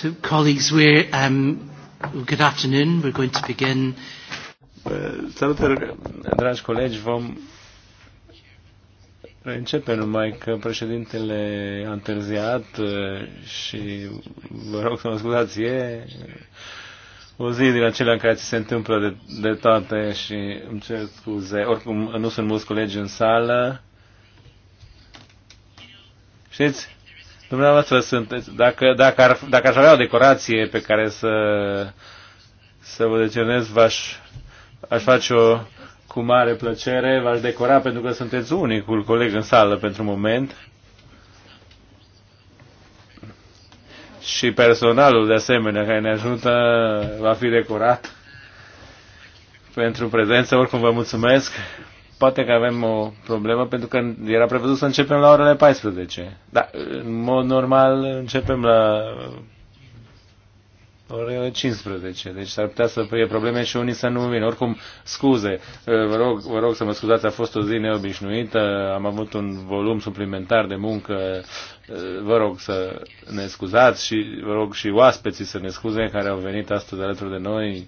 So, colleagues, we're, um, good afternoon. We're going to begin. Salutări, dragi colegi, vom începe numai că președintele a întârziat uh, și vă rog să mă scuzați, e o zi din acelea în care ți se întâmplă de, de toate și îmi cer scuze. Oricum, nu sunt mulți colegi în sală. Știți? Dumneavoastră sunteți, dacă, dacă, ar, dacă aș avea o decorație pe care să, să vă decionez, v-aș, aș face-o cu mare plăcere, v-aș decora pentru că sunteți unicul coleg în sală pentru moment. Și personalul de asemenea care ne ajută va fi decorat pentru prezență. Oricum vă mulțumesc poate că avem o problemă pentru că era prevăzut să începem la orele 14. Dar, în mod normal, începem la orele 15, deci s-ar putea să fie probleme și unii să nu vină. Oricum, scuze, vă rog, vă rog să mă scuzați, a fost o zi neobișnuită, am avut un volum suplimentar de muncă, vă rog să ne scuzați și vă rog și oaspeții să ne scuze care au venit astăzi alături de noi.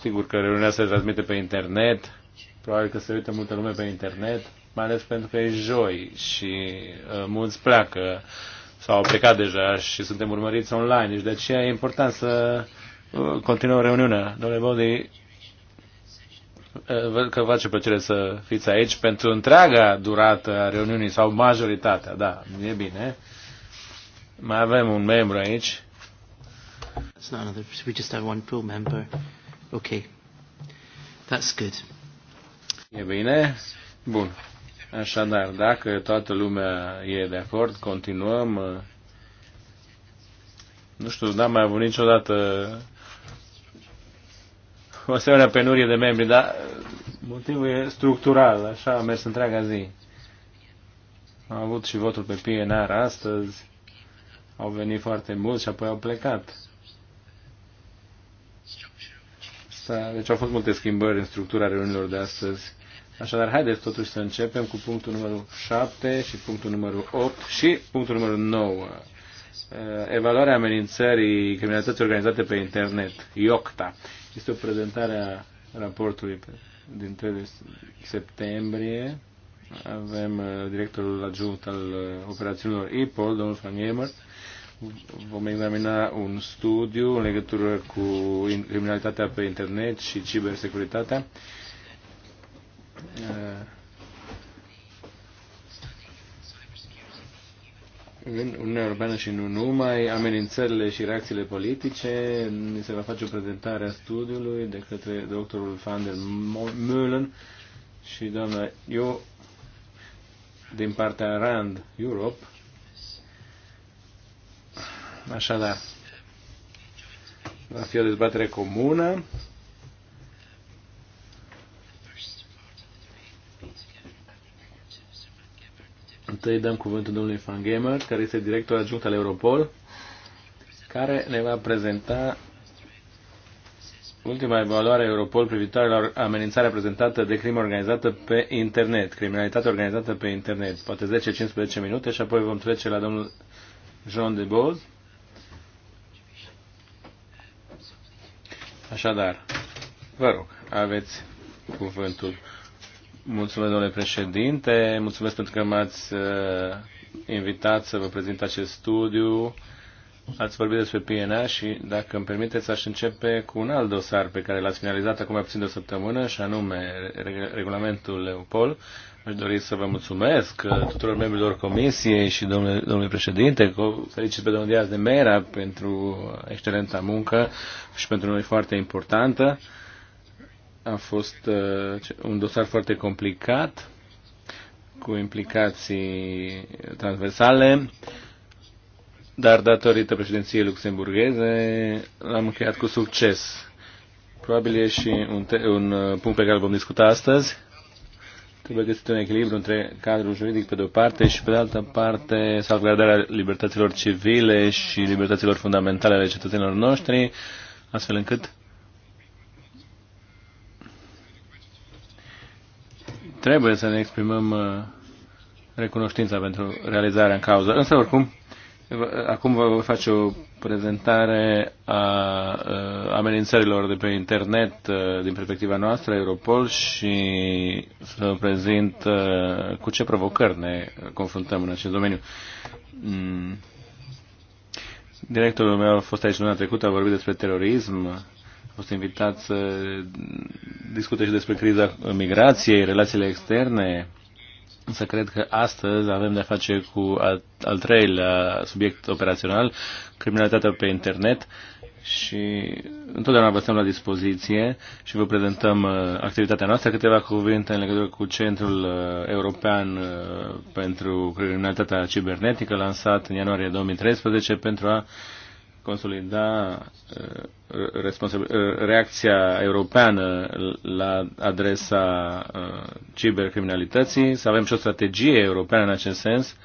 Sigur că reuniunea se transmite pe internet Probabil că se uită multă lume pe internet, mai ales pentru că e joi și uh, mulți pleacă sau au plecat deja și suntem urmăriți online. Deci de aceea e important să uh, continuăm reuniunea. Domnule Bodi, uh, văd că face plăcere să fiți aici pentru întreaga durată a reuniunii sau majoritatea, da, e bine. Mai avem un membru aici. That's not another, we just have one full member. Okay. That's good. E bine? Bun. Așadar, dacă toată lumea e de acord, continuăm. Nu știu, n-am mai avut niciodată o asemenea penurie de membri, dar motivul e structural, așa a mers întreaga zi. Am avut și votul pe PNR astăzi, au venit foarte mulți și apoi au plecat. Deci au fost multe schimbări în structura reuniunilor de astăzi. Așadar, haideți totuși să începem cu punctul numărul 7 și punctul numărul 8 și punctul numărul 9. Uh, evaluarea amenințării criminalității organizate pe internet, IOCTA. Este o prezentare a raportului din 3 septembrie. Avem uh, directorul adjunct al uh, operațiunilor IPOL, domnul Fangemer. Vom examina un studiu în legătură cu criminalitatea pe internet și cibersecuritatea Uh, în Uniunea Europeană și nu numai, amenințările și reacțiile politice. Mi se va face o prezentare a studiului de către doctorul van der Mullen și doamna eu din partea RAND Europe. Așadar, va fi o dezbatere comună Întâi dăm cuvântul domnului Fan Gamer, care este director adjunct al Europol, care ne va prezenta ultima evaluare Europol privitoare la amenințarea prezentată de crimă organizată pe internet, criminalitate organizată pe internet, poate 10-15 minute și apoi vom trece la domnul Jean de Boz. Așadar, vă rog, aveți cuvântul. Mulțumesc, domnule președinte, mulțumesc pentru că m-ați uh, invitat să vă prezint acest studiu. Ați vorbit despre PNA și, dacă îmi permiteți, aș începe cu un alt dosar pe care l-ați finalizat acum mai puțin de o săptămână, și anume regulamentul Leopold. Aș dori să vă mulțumesc uh, tuturor membrilor comisiei și domnule, domnului președinte, felicit pe domnul Diaz de Mera pentru excelenta muncă și pentru noi foarte importantă. A fost uh, un dosar foarte complicat, cu implicații transversale, dar datorită președinției luxemburgheze l-am încheiat cu succes. Probabil e și un, un uh, punct pe care vom discuta astăzi. Trebuie găsit un echilibru între cadrul juridic pe de o parte și pe de altă parte salvgardarea libertăților civile și libertăților fundamentale ale cetățenilor noștri, astfel încât trebuie să ne exprimăm uh, recunoștința pentru realizarea în cauză. Însă, oricum, acum vă voi face o prezentare a uh, amenințărilor de pe internet uh, din perspectiva noastră, Europol, și să prezint cu ce provocări ne confruntăm în acest domeniu. Mm. Directorul meu a fost aici luna trecută, a vorbit despre terorism, fost invitat să discute și despre criza migrației, relațiile externe, însă cred că astăzi avem de-a face cu al, treilea subiect operațional, criminalitatea pe internet și întotdeauna vă stăm la dispoziție și vă prezentăm uh, activitatea noastră. Câteva cuvinte în legătură cu Centrul uh, European uh, pentru Criminalitatea Cibernetică, lansat în ianuarie 2013 pentru a consolida uh, uh, reacția europeană la adresa uh, cibercriminalității, să avem și o strategie europeană în acest sens.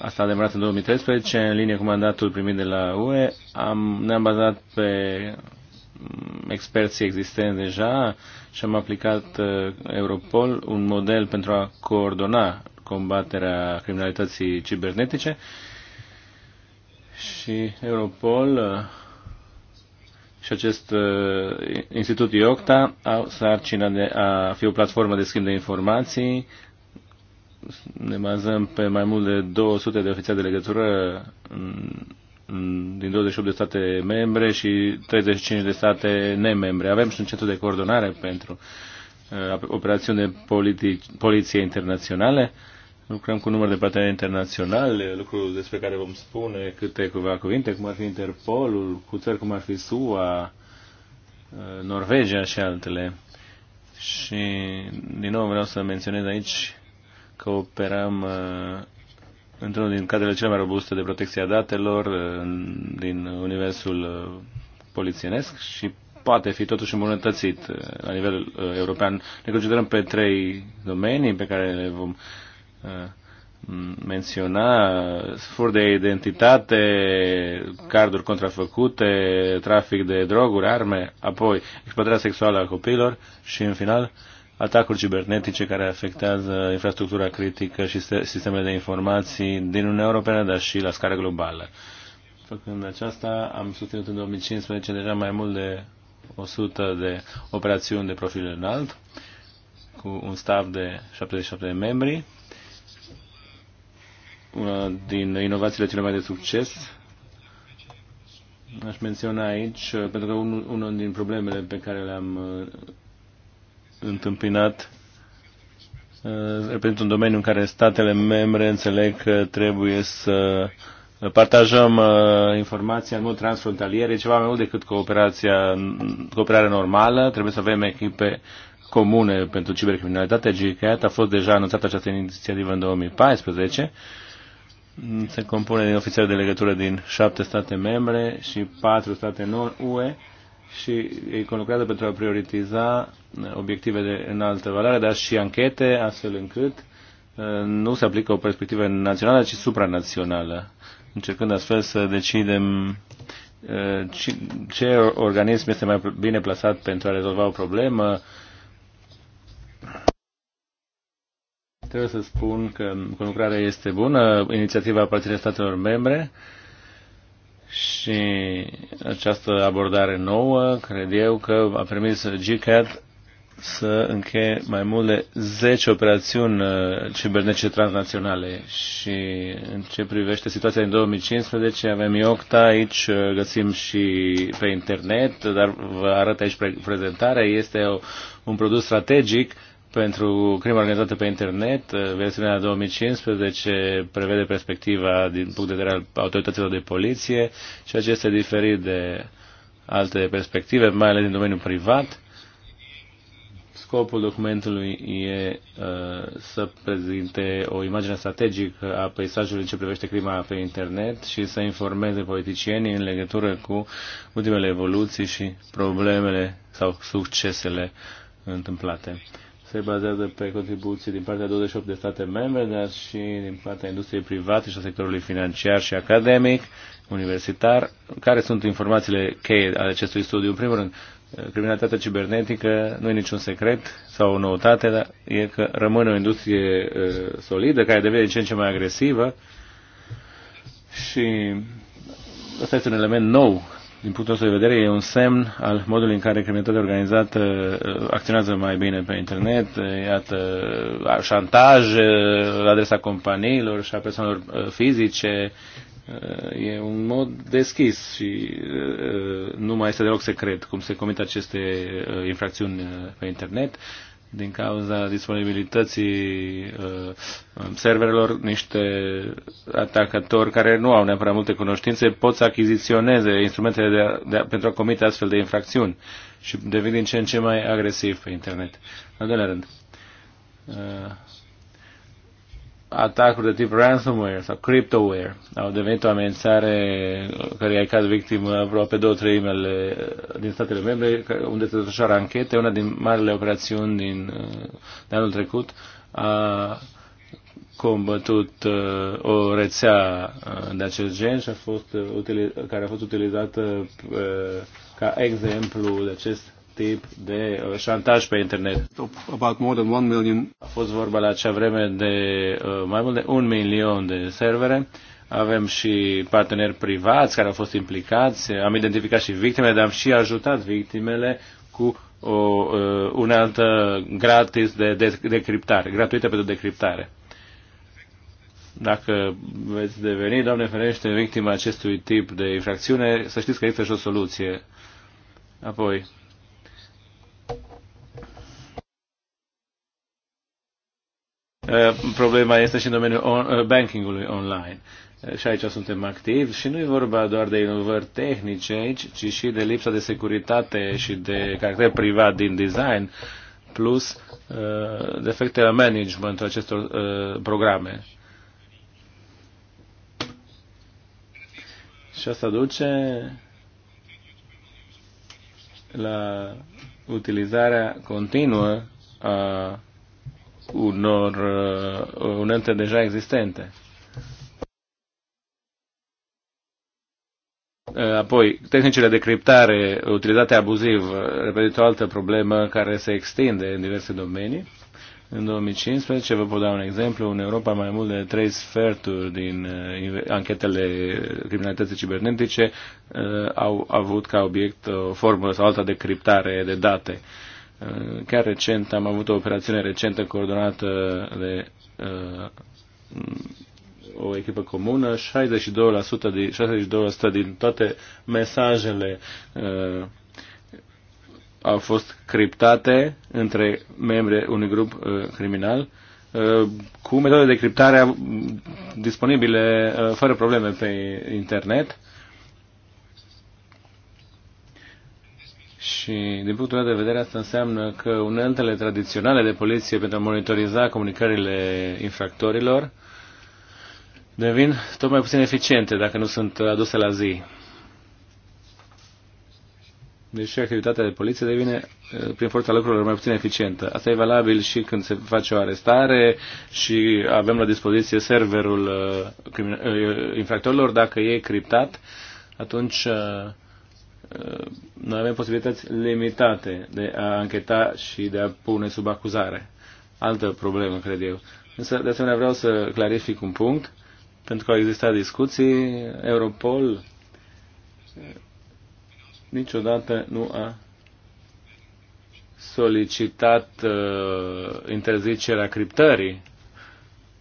Asta a demarat în 2013, în linie cu mandatul primit de la UE. Am, ne-am bazat pe mm, experții existenți deja și am aplicat Europol un model pentru a coordona combaterea criminalității cibernetice și Europol uh, și acest uh, institut IOCTA au sarcina de a fi o platformă de schimb de informații. Ne bazăm pe mai mult de 200 de ofițeri de legătură din 28 de state membre și 35 de state nemembre. Avem și un centru de coordonare pentru uh, operațiuni de poliție internaționale. Uh, Lucrăm cu număr de parteneri internaționale, lucruri despre care vom spune câteva cuvinte, cum ar fi Interpolul, cu țări cum ar fi SUA, uh, Norvegia și altele. Și, din nou, vreau să menționez aici că operăm uh, într-unul din cadrele cele mai robuste de protecție a datelor uh, din universul polițienesc și poate fi totuși îmbunătățit la nivel european. Ne concentrăm pe trei domenii pe care le vom Uh, menționa uh, fur de identitate, carduri contrafăcute, trafic de droguri, arme, apoi exploatarea sexuală a copiilor și, în final, atacuri cibernetice care afectează infrastructura critică și sistemele de informații din Uniunea Europeană, dar și la scară globală. Făcând aceasta, am susținut în 2015 deja mai mult de 100 de operațiuni de profil înalt, cu un staff de 77 de membri una din inovațiile cele mai de succes. Aș menționa aici, uh, pentru că unul, unul din problemele pe care le-am uh, întâmpinat uh, reprezintă un domeniu în care statele membre înțeleg că trebuie să partajăm informația în mod transfrontalier. E ceva mai mult decât cooperația, cooperarea normală. Trebuie să avem echipe comune pentru cibercriminalitate. GICAT a fost deja anunțată această inițiativă în 2014 se compune din ofițeri de legătură din șapte state membre și patru state non-UE și ei conlucrează pentru a prioritiza uh, obiective de înaltă valoare, dar și anchete, astfel încât uh, nu se aplică o perspectivă națională, ci supranațională, încercând astfel să decidem uh, ce organism este mai bine plasat pentru a rezolva o problemă, Trebuie să spun că lucrarea este bună, inițiativa aparține statelor membre și această abordare nouă, cred eu, că a permis GCAT să încheie mai mult de 10 operațiuni uh, cibernetice transnaționale și în ce privește situația din 2015 avem IOCTA, aici uh, găsim și pe internet, dar vă arăt aici prezentarea, este un produs strategic pentru crimă organizată pe internet, versiunea 2015 prevede perspectiva din punct de vedere al autorităților de poliție, ceea ce este diferit de alte perspective, mai ales din domeniul privat. Scopul documentului e uh, să prezinte o imagine strategică a peisajului în ce privește crima pe internet și să informeze politicienii în legătură cu ultimele evoluții și problemele sau succesele întâmplate se bazează pe contribuții din partea 28 de state membre, dar și din partea industriei private și a sectorului financiar și academic, universitar. Care sunt informațiile cheie ale acestui studiu? În primul rând, criminalitatea cibernetică nu e niciun secret sau o noutate, dar e că rămâne o industrie solidă, care devine din ce în ce mai agresivă și ăsta este un element nou din punctul nostru de vedere, e un semn al modului în care criminalitatea organizată uh, acționează mai bine pe internet, uh, iată, uh, șantaj la adresa companiilor și a persoanelor fizice, e un mod deschis și nu mai este deloc secret cum se comit aceste infracțiuni pe internet din cauza disponibilității uh, um, serverelor, niște atacatori care nu au neapărat multe cunoștințe pot să achiziționeze instrumentele de a, de a, pentru a comite astfel de infracțiuni și devin din ce în ce mai agresiv pe internet. În doilea rând, uh, atacuri de tip ransomware sau cryptoware au devenit o amenințare care ai caz victimă aproape două treimele uh, din statele membre, unde se desfășoară anchete. Una din marile operațiuni din, uh, de anul trecut a combătut uh, o rețea uh, de acest gen și a fost, uh, care a fost utilizată uh, ca exemplu de acest tip de uh, șantaj pe internet. About more than one million. A fost vorba la acea vreme de uh, mai mult de un milion de servere. Avem și parteneri privați care au fost implicați. Am identificat și victimele, dar am și ajutat victimele cu o uh, unealtă gratis de decriptare, gratuită pentru decriptare dacă veți deveni, Doamne ferește, victima acestui tip de infracțiune, să știți că există și o soluție. Apoi, Uh, problema este și în domeniul on, uh, bankingului online. Uh, și aici suntem activi și nu e vorba doar de inovări tehnice aici, ci și de lipsa de securitate și de caracter privat din design, plus uh, defecte la managementul acestor uh, programe. Și asta duce la utilizarea continuă a unor uh, unelte deja existente. Uh, apoi, tehnicile de criptare utilizate abuziv reprezintă o altă problemă care se extinde în diverse domenii. În 2015, vă pot da un exemplu, în Europa mai mult de trei sferturi din uh, anchetele criminalității cibernetice uh, au avut ca obiect o formă sau alta de criptare de date. Uh, chiar recent am avut o operațiune recentă coordonată de uh, o echipă comună. 62%, din, 62% din toate mesajele uh, au fost criptate între membre unui grup uh, criminal uh, cu metode de criptare uh, disponibile fără probleme pe internet. Și din punctul meu de vedere asta înseamnă că uneltele tradiționale de poliție pentru a monitoriza comunicările infractorilor devin tot mai puțin eficiente dacă nu sunt aduse la zi. Deci și activitatea de poliție devine, eh, prin forța lucrurilor, mai puțin eficientă. Asta e valabil și când se face o arestare și avem la dispoziție serverul eh, eh, infractorilor. Dacă e criptat, atunci noi avem posibilități limitate de a ancheta și de a pune sub acuzare. Altă problemă, cred eu. Însă, de asemenea, vreau să clarific un punct, pentru că au existat discuții. Europol niciodată nu a solicitat uh, interzicerea criptării.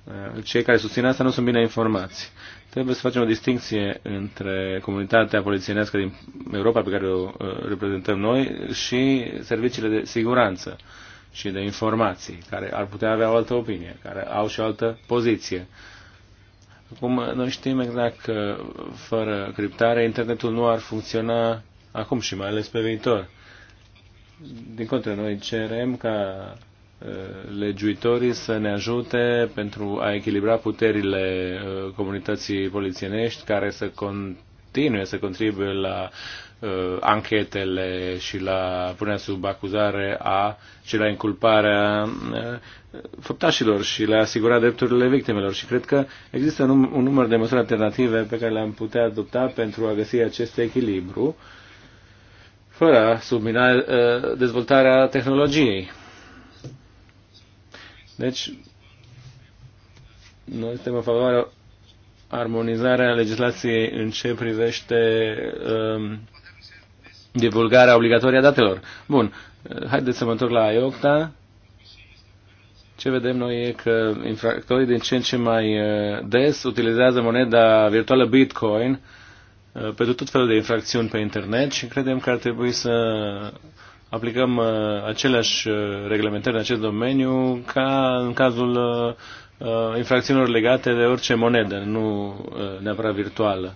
Uh, cei care susțin asta nu sunt bine informați. Trebuie să facem o distinție între comunitatea polițienească din Europa pe care o uh, reprezentăm noi și serviciile de siguranță și de informații, care ar putea avea o altă opinie, care au și o altă poziție. Acum, noi știm exact că fără criptare internetul nu ar funcționa acum și mai ales pe viitor. Din contră, noi cerem ca legiuitorii să ne ajute pentru a echilibra puterile uh, comunității polițienești care să continue să contribuie la uh, anchetele și la punerea sub acuzare a și la inculparea uh, făptașilor și la asigura drepturile victimelor. Și cred că există un, un număr de măsuri alternative pe care le-am putea adopta pentru a găsi acest echilibru fără a submina dezvoltarea tehnologiei. Deci, noi suntem în favoarea armonizarea legislației în ce privește um, divulgarea obligatorie a datelor. Bun, haideți să mă întorc la IOCTA. Ce vedem noi e că infractorii din ce în ce mai uh, des utilizează moneda virtuală Bitcoin uh, pentru tot felul de infracțiuni pe internet și credem că ar trebui să aplicăm uh, aceleași uh, reglementări în acest domeniu ca în cazul uh, infracțiunilor legate de orice monedă, nu neapărat virtuală.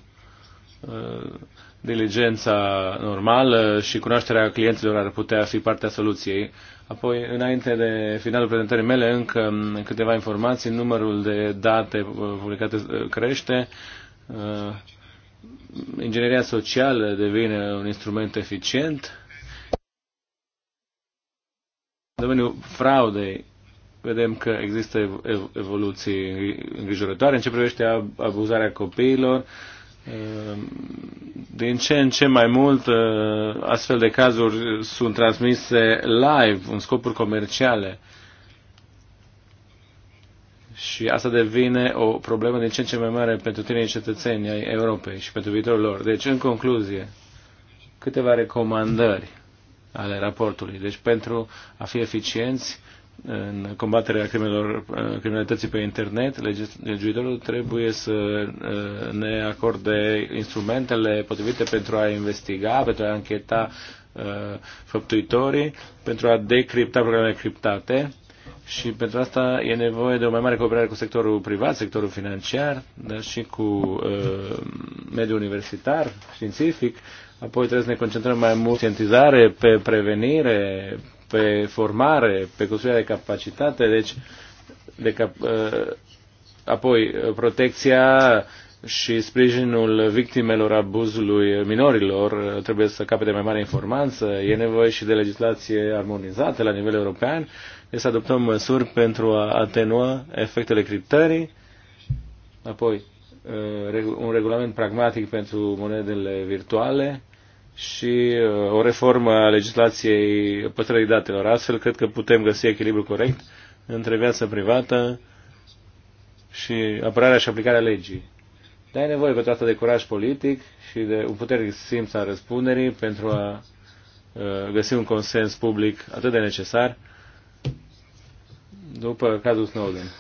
Diligența normală și cunoașterea clienților ar putea fi partea soluției. Apoi, înainte de finalul prezentării mele, încă mm, câteva informații. Numărul de date publicate crește. Ingineria socială devine un instrument eficient domeniul fraudei vedem că există evoluții îngrijorătoare în ce privește abuzarea copiilor. Ehm, din ce în ce mai mult ă, astfel de cazuri sunt transmise live în scopuri comerciale. Și asta devine o problemă din ce în ce mai mare pentru tinerii cetățeni ai Europei și pentru viitorul lor. Deci, în concluzie, câteva recomandări ale raportului. Deci pentru a fi eficienți în combaterea crimelor, uh, criminalității pe internet, legiuitorul trebuie să uh, ne acorde instrumentele potrivite pentru a investiga, pentru a încheta uh, făptuitorii, pentru a decripta programele criptate și pentru asta e nevoie de o mai mare cooperare cu sectorul privat, sectorul financiar, dar și cu mediul universitar, științific, Apoi trebuie să ne concentrăm mai mult conștientizare, pe prevenire, pe formare, pe construirea de capacitate, deci de cap, uh, apoi uh, protecția și sprijinul victimelor abuzului minorilor uh, trebuie să capete mai mare informanță, e nevoie și de legislație armonizată la nivel european, e să adoptăm măsuri pentru a atenua efectele criptării, apoi un regulament pragmatic pentru monedele virtuale, și uh, o reformă a legislației păstrării datelor. Astfel, cred că putem găsi echilibru corect între viața privată și apărarea și aplicarea legii. Dar ai nevoie pentru asta de curaj politic și de un puternic simț al răspunderii pentru a uh, găsi un consens public atât de necesar după cazul Snowden.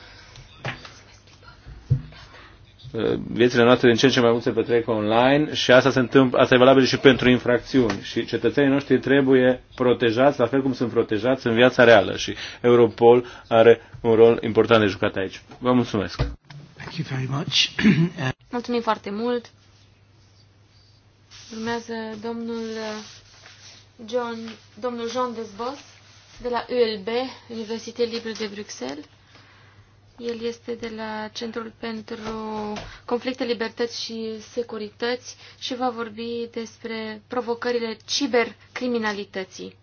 Uh, viețile noastre din ce în ce mai mult se petrec online și asta se întâmplă, asta e valabil și pentru infracțiuni și cetățenii noștri trebuie protejați la fel cum sunt protejați în viața reală și Europol are un rol important de jucat aici. Vă mulțumesc! Thank you very much. Mulțumim foarte mult! Urmează domnul John, domnul John Desbos de la ULB, Universitatea Libre de Bruxelles. El este de la Centrul pentru Conflicte, Libertăți și Securități și va vorbi despre provocările cibercriminalității.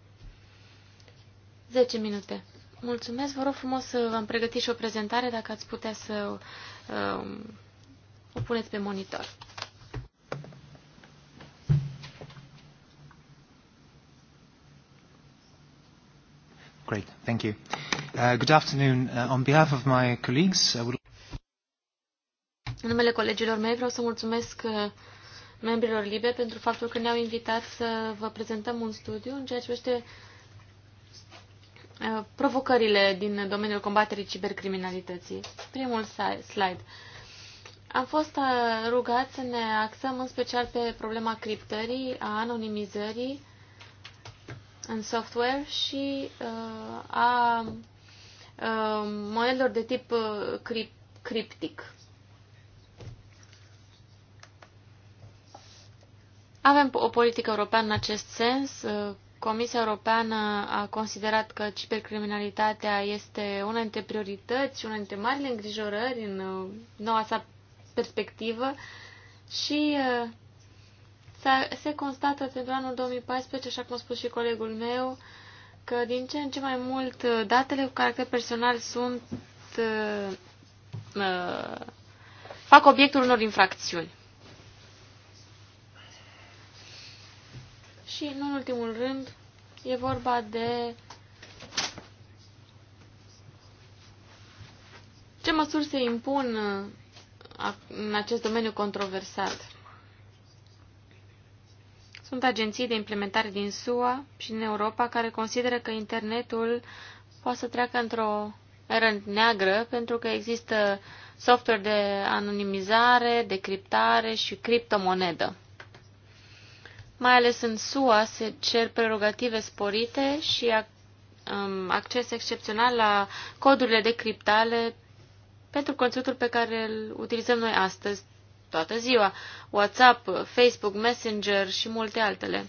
10 minute. Mulțumesc, vă rog frumos să v-am pregătit și o prezentare, dacă ați putea să uh, o puneți pe monitor. Great, thank you. Uh, good afternoon. Uh, on behalf of my colleagues, I would... În numele colegilor mei vreau să mulțumesc uh, membrilor LIBE pentru faptul că ne-au invitat să vă prezentăm un studiu în ceea ce privește uh, provocările din domeniul combaterii cibercriminalității. Primul slide. Am fost rugat să ne axăm în special pe problema criptării, a anonimizării în software și a Uh, monedelor de tip uh, criptic. Avem o politică europeană în acest sens. Uh, Comisia Europeană a considerat că cibercriminalitatea este una dintre priorități, una dintre marile îngrijorări în noua sa perspectivă și se constată pentru anul 2014, așa cum a spus și colegul meu, că din ce în ce mai mult uh, datele cu caracter personal sunt uh, uh, fac obiectul unor infracțiuni. Și, nu în ultimul rând, e vorba de ce măsuri se impun uh, în acest domeniu controversat. Sunt agenții de implementare din SUA și din Europa care consideră că internetul poate să treacă într-o eră neagră pentru că există software de anonimizare, decriptare și criptomonedă. Mai ales în SUA se cer prerogative sporite și um, acces excepțional la codurile de pentru conținutul pe care îl utilizăm noi astăzi, toată ziua, WhatsApp, Facebook, Messenger și multe altele.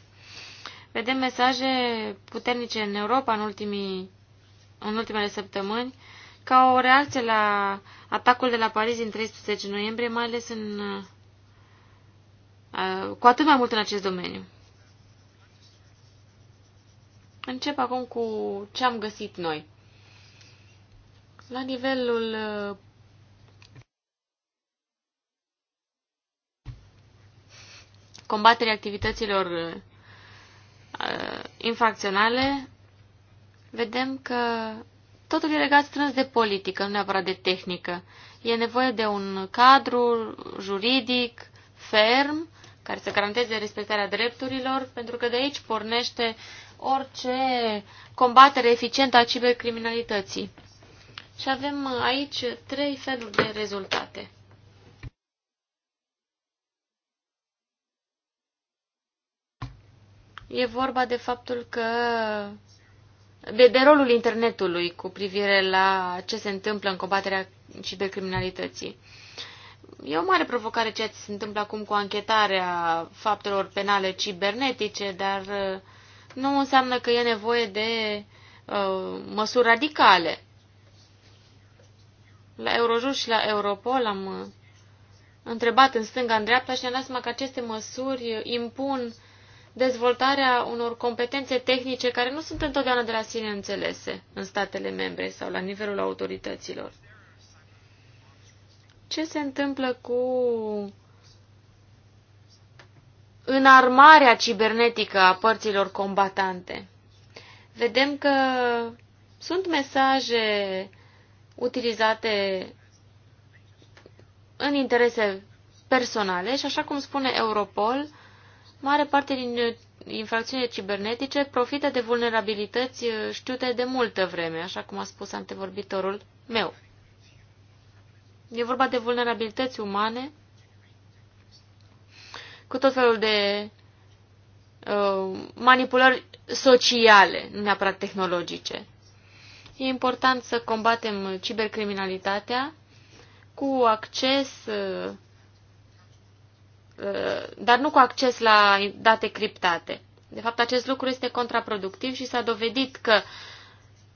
Vedem mesaje puternice în Europa în, ultimii, în ultimele săptămâni, ca o reacție la atacul de la Paris din 13 noiembrie, mai ales în, cu atât mai mult în acest domeniu. Încep acum cu ce am găsit noi. La nivelul combaterea activităților uh, infracționale, vedem că totul e legat strâns de politică, nu neapărat de tehnică. E nevoie de un cadru juridic ferm care să garanteze respectarea drepturilor, pentru că de aici pornește orice combatere eficientă a cibercriminalității. Și avem uh, aici trei feluri de rezultate. E vorba de faptul că de, de rolul internetului cu privire la ce se întâmplă în combaterea cibercriminalității. E o mare provocare ceea ce se întâmplă acum cu anchetarea faptelor penale cibernetice, dar uh, nu înseamnă că e nevoie de uh, măsuri radicale. La Eurojust și la Europol am uh, întrebat în stânga, în dreapta și ne-am dat seama că aceste măsuri impun uh, dezvoltarea unor competențe tehnice care nu sunt întotdeauna de la sine înțelese în statele membre sau la nivelul autorităților. Ce se întâmplă cu înarmarea cibernetică a părților combatante? Vedem că sunt mesaje utilizate în interese personale și, așa cum spune Europol, Mare parte din uh, infracțiunile cibernetice profită de vulnerabilități uh, știute de multă vreme, așa cum a spus antevorbitorul meu. E vorba de vulnerabilități umane cu tot felul de uh, manipulări sociale, nu neapărat tehnologice. E important să combatem cibercriminalitatea cu acces uh, Uh, dar nu cu acces la date criptate. De fapt, acest lucru este contraproductiv și s-a dovedit că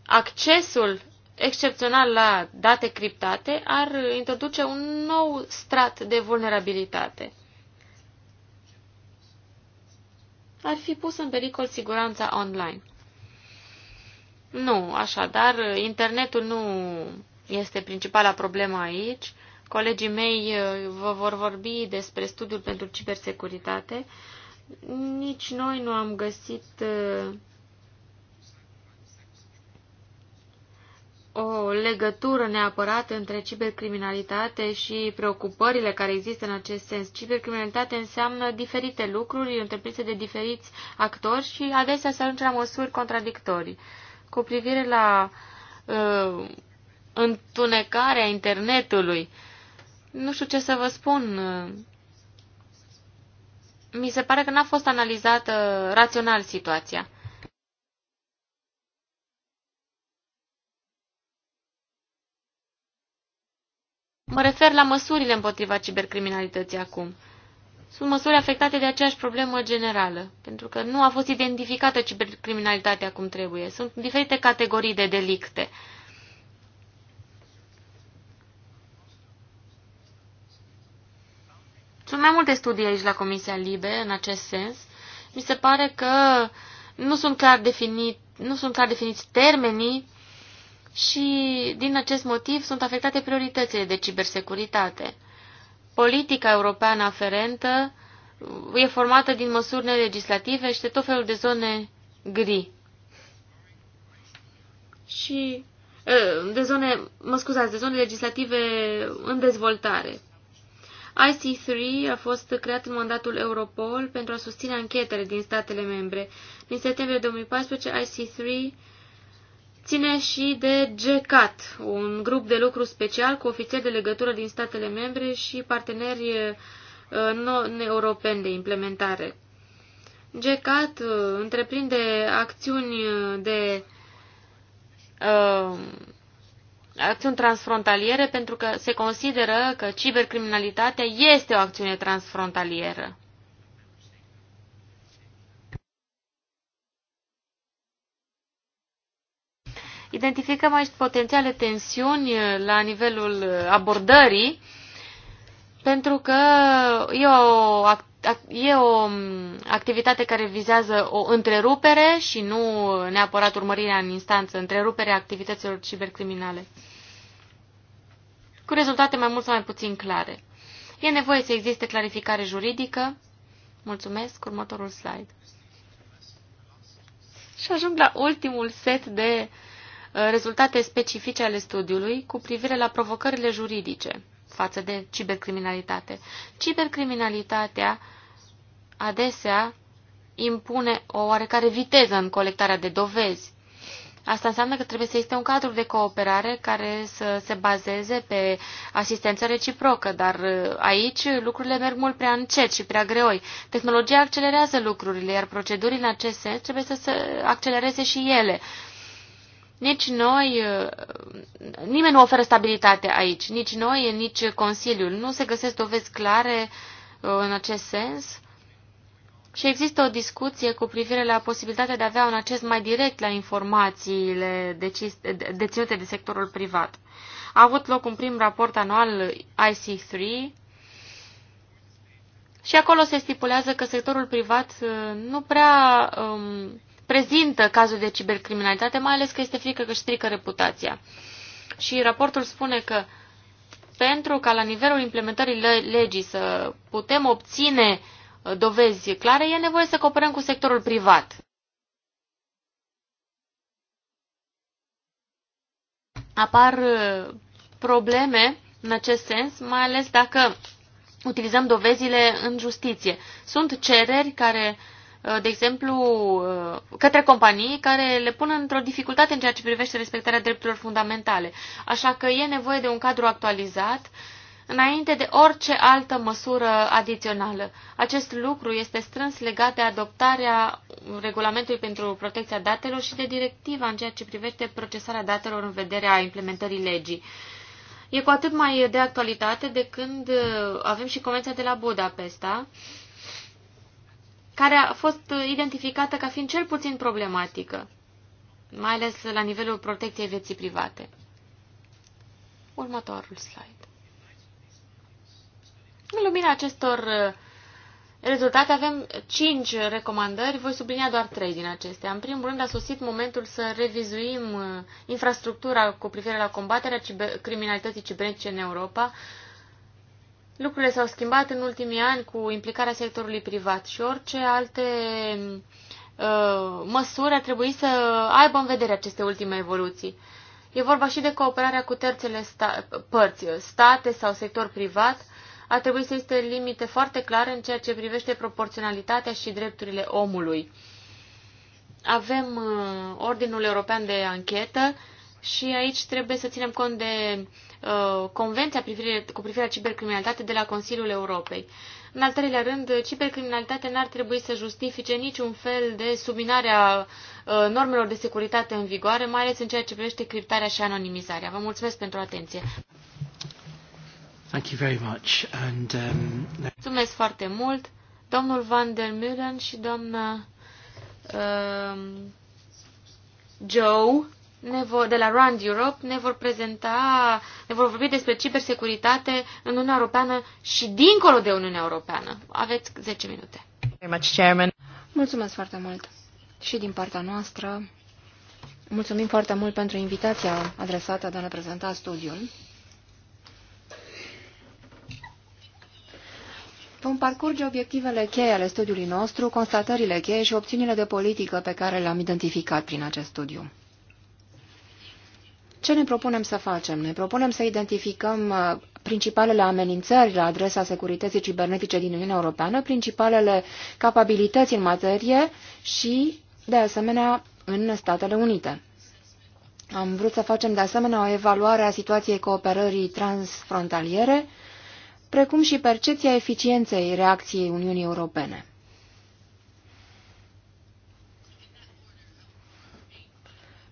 accesul excepțional la date criptate ar introduce un nou strat de vulnerabilitate. Ar fi pus în pericol siguranța online. Nu, așadar, internetul nu este principala problemă aici. Colegii mei uh, vă vor vorbi despre studiul pentru cibersecuritate. Nici noi nu am găsit uh, o legătură neapărată între cibercriminalitate și preocupările care există în acest sens. Cibercriminalitate înseamnă diferite lucruri întreprinse de diferiți actori și adesea se ajunge la măsuri contradictorii. Cu privire la uh, întunecarea internetului, uh, nu știu ce să vă spun. Mi se pare că n-a fost analizată rațional situația. Mă refer la măsurile împotriva cibercriminalității acum. Sunt măsuri afectate de aceeași problemă generală, pentru că nu a fost identificată cibercriminalitatea cum trebuie. Sunt diferite categorii de delicte. Sunt mai multe studii aici la Comisia Libe în acest sens. Mi se pare că nu sunt clar, definit, nu sunt clar definiți termenii și din acest motiv sunt afectate prioritățile de cibersecuritate. Politica europeană aferentă e formată din măsuri nelegislative și de tot felul de zone gri. Și eh, de zone, mă scuzați, de zone legislative în dezvoltare. IC3 a fost creat în mandatul Europol pentru a susține anchetele din statele membre. Din septembrie 2014, IC3 ține și de GCAT, un grup de lucru special cu ofițeri de legătură din statele membre și parteneri uh, non-europeni de implementare. GCAT uh, întreprinde acțiuni de uh, acțiuni transfrontaliere pentru că se consideră că cibercriminalitatea este o acțiune transfrontalieră. Identificăm aici potențiale tensiuni la nivelul abordării pentru că e o, e o mm, activitate care vizează o întrerupere și nu neapărat urmărirea în instanță, întreruperea activităților cibercriminale, cu rezultate mai mult sau mai puțin clare. E nevoie să existe clarificare juridică. Mulțumesc. Următorul slide. Și ajung la ultimul set de uh, rezultate specifice ale studiului cu privire la provocările juridice față de cibercriminalitate. Cibercriminalitatea adesea impune o oarecare viteză în colectarea de dovezi. Asta înseamnă că trebuie să existe un cadru de cooperare care să se bazeze pe asistență reciprocă, dar uh, aici lucrurile merg mult prea încet și prea greoi. Tehnologia accelerează lucrurile, iar procedurile în acest sens trebuie să se accelereze și ele. Nici noi, uh, nimeni nu oferă stabilitate aici, nici noi, nici Consiliul. Nu se găsesc dovezi clare uh, în acest sens. Și există o discuție cu privire la posibilitatea de a avea un acces mai direct la informațiile deținute de sectorul privat. A avut loc un prim raport anual IC3 și acolo se stipulează că sectorul privat uh, nu prea um, prezintă cazul de cibercriminalitate, mai ales că este frică că strică reputația. Și raportul spune că pentru ca la nivelul implementării legii să putem obține uh, dovezi clare, e nevoie să cooperăm cu sectorul privat. Apar uh, probleme în acest sens, mai ales dacă utilizăm dovezile în justiție. Sunt cereri care uh, Uh, de exemplu, uh, către companii care le pun într-o dificultate în ceea ce privește respectarea drepturilor fundamentale. Așa că e nevoie de un cadru actualizat înainte de orice altă măsură adițională. Acest lucru este strâns legat de adoptarea regulamentului pentru protecția datelor și de directiva în ceea ce privește procesarea datelor în vederea implementării legii. E cu atât mai de actualitate de când uh, avem și Convenția de la Budapesta, care a fost identificată ca fiind cel puțin problematică, mai ales la nivelul protecției vieții private. Următorul slide. În lumina acestor uh, rezultate avem cinci recomandări, voi sublinia doar trei din acestea. În primul rând a sosit momentul să revizuim uh, infrastructura cu privire la combaterea criminalității cibernetice în Europa, Lucrurile s-au schimbat în ultimii ani cu implicarea sectorului privat și orice alte uh, măsuri ar trebui să aibă în vedere aceste ultime evoluții. E vorba și de cooperarea cu terțele sta părți, state sau sector privat. a trebuit să existe limite foarte clare în ceea ce privește proporționalitatea și drepturile omului. Avem uh, Ordinul European de Anchetă și aici trebuie să ținem cont de uh, Convenția privire, cu privire la cibercriminalitate de la Consiliul Europei. În al treilea rând, cibercriminalitatea n-ar trebui să justifice niciun fel de subminarea uh, normelor de securitate în vigoare, mai ales în ceea ce privește criptarea și anonimizarea. Vă mulțumesc pentru atenție. Thank you very much. And, um... Mulțumesc foarte mult, domnul Van der Mullen și doamna uh, Joe ne vor, de la Round Europe ne vor prezenta, ne vor vorbi despre cibersecuritate în Uniunea Europeană și dincolo de Uniunea Europeană. Aveți 10 minute. Mulțumesc foarte mult. Și din partea noastră, mulțumim foarte mult pentru invitația adresată de a ne prezenta studiul. Vom parcurge obiectivele cheie ale studiului nostru, constatările cheie și opțiunile de politică pe care le-am identificat prin acest studiu. Ce ne propunem să facem? Ne propunem să identificăm uh, principalele amenințări la adresa securității cibernetice din Uniunea Europeană, principalele capabilități în materie și, de asemenea, în Statele Unite. Am vrut să facem, de asemenea, o evaluare a situației cooperării transfrontaliere, precum și percepția eficienței reacției Uniunii Europene.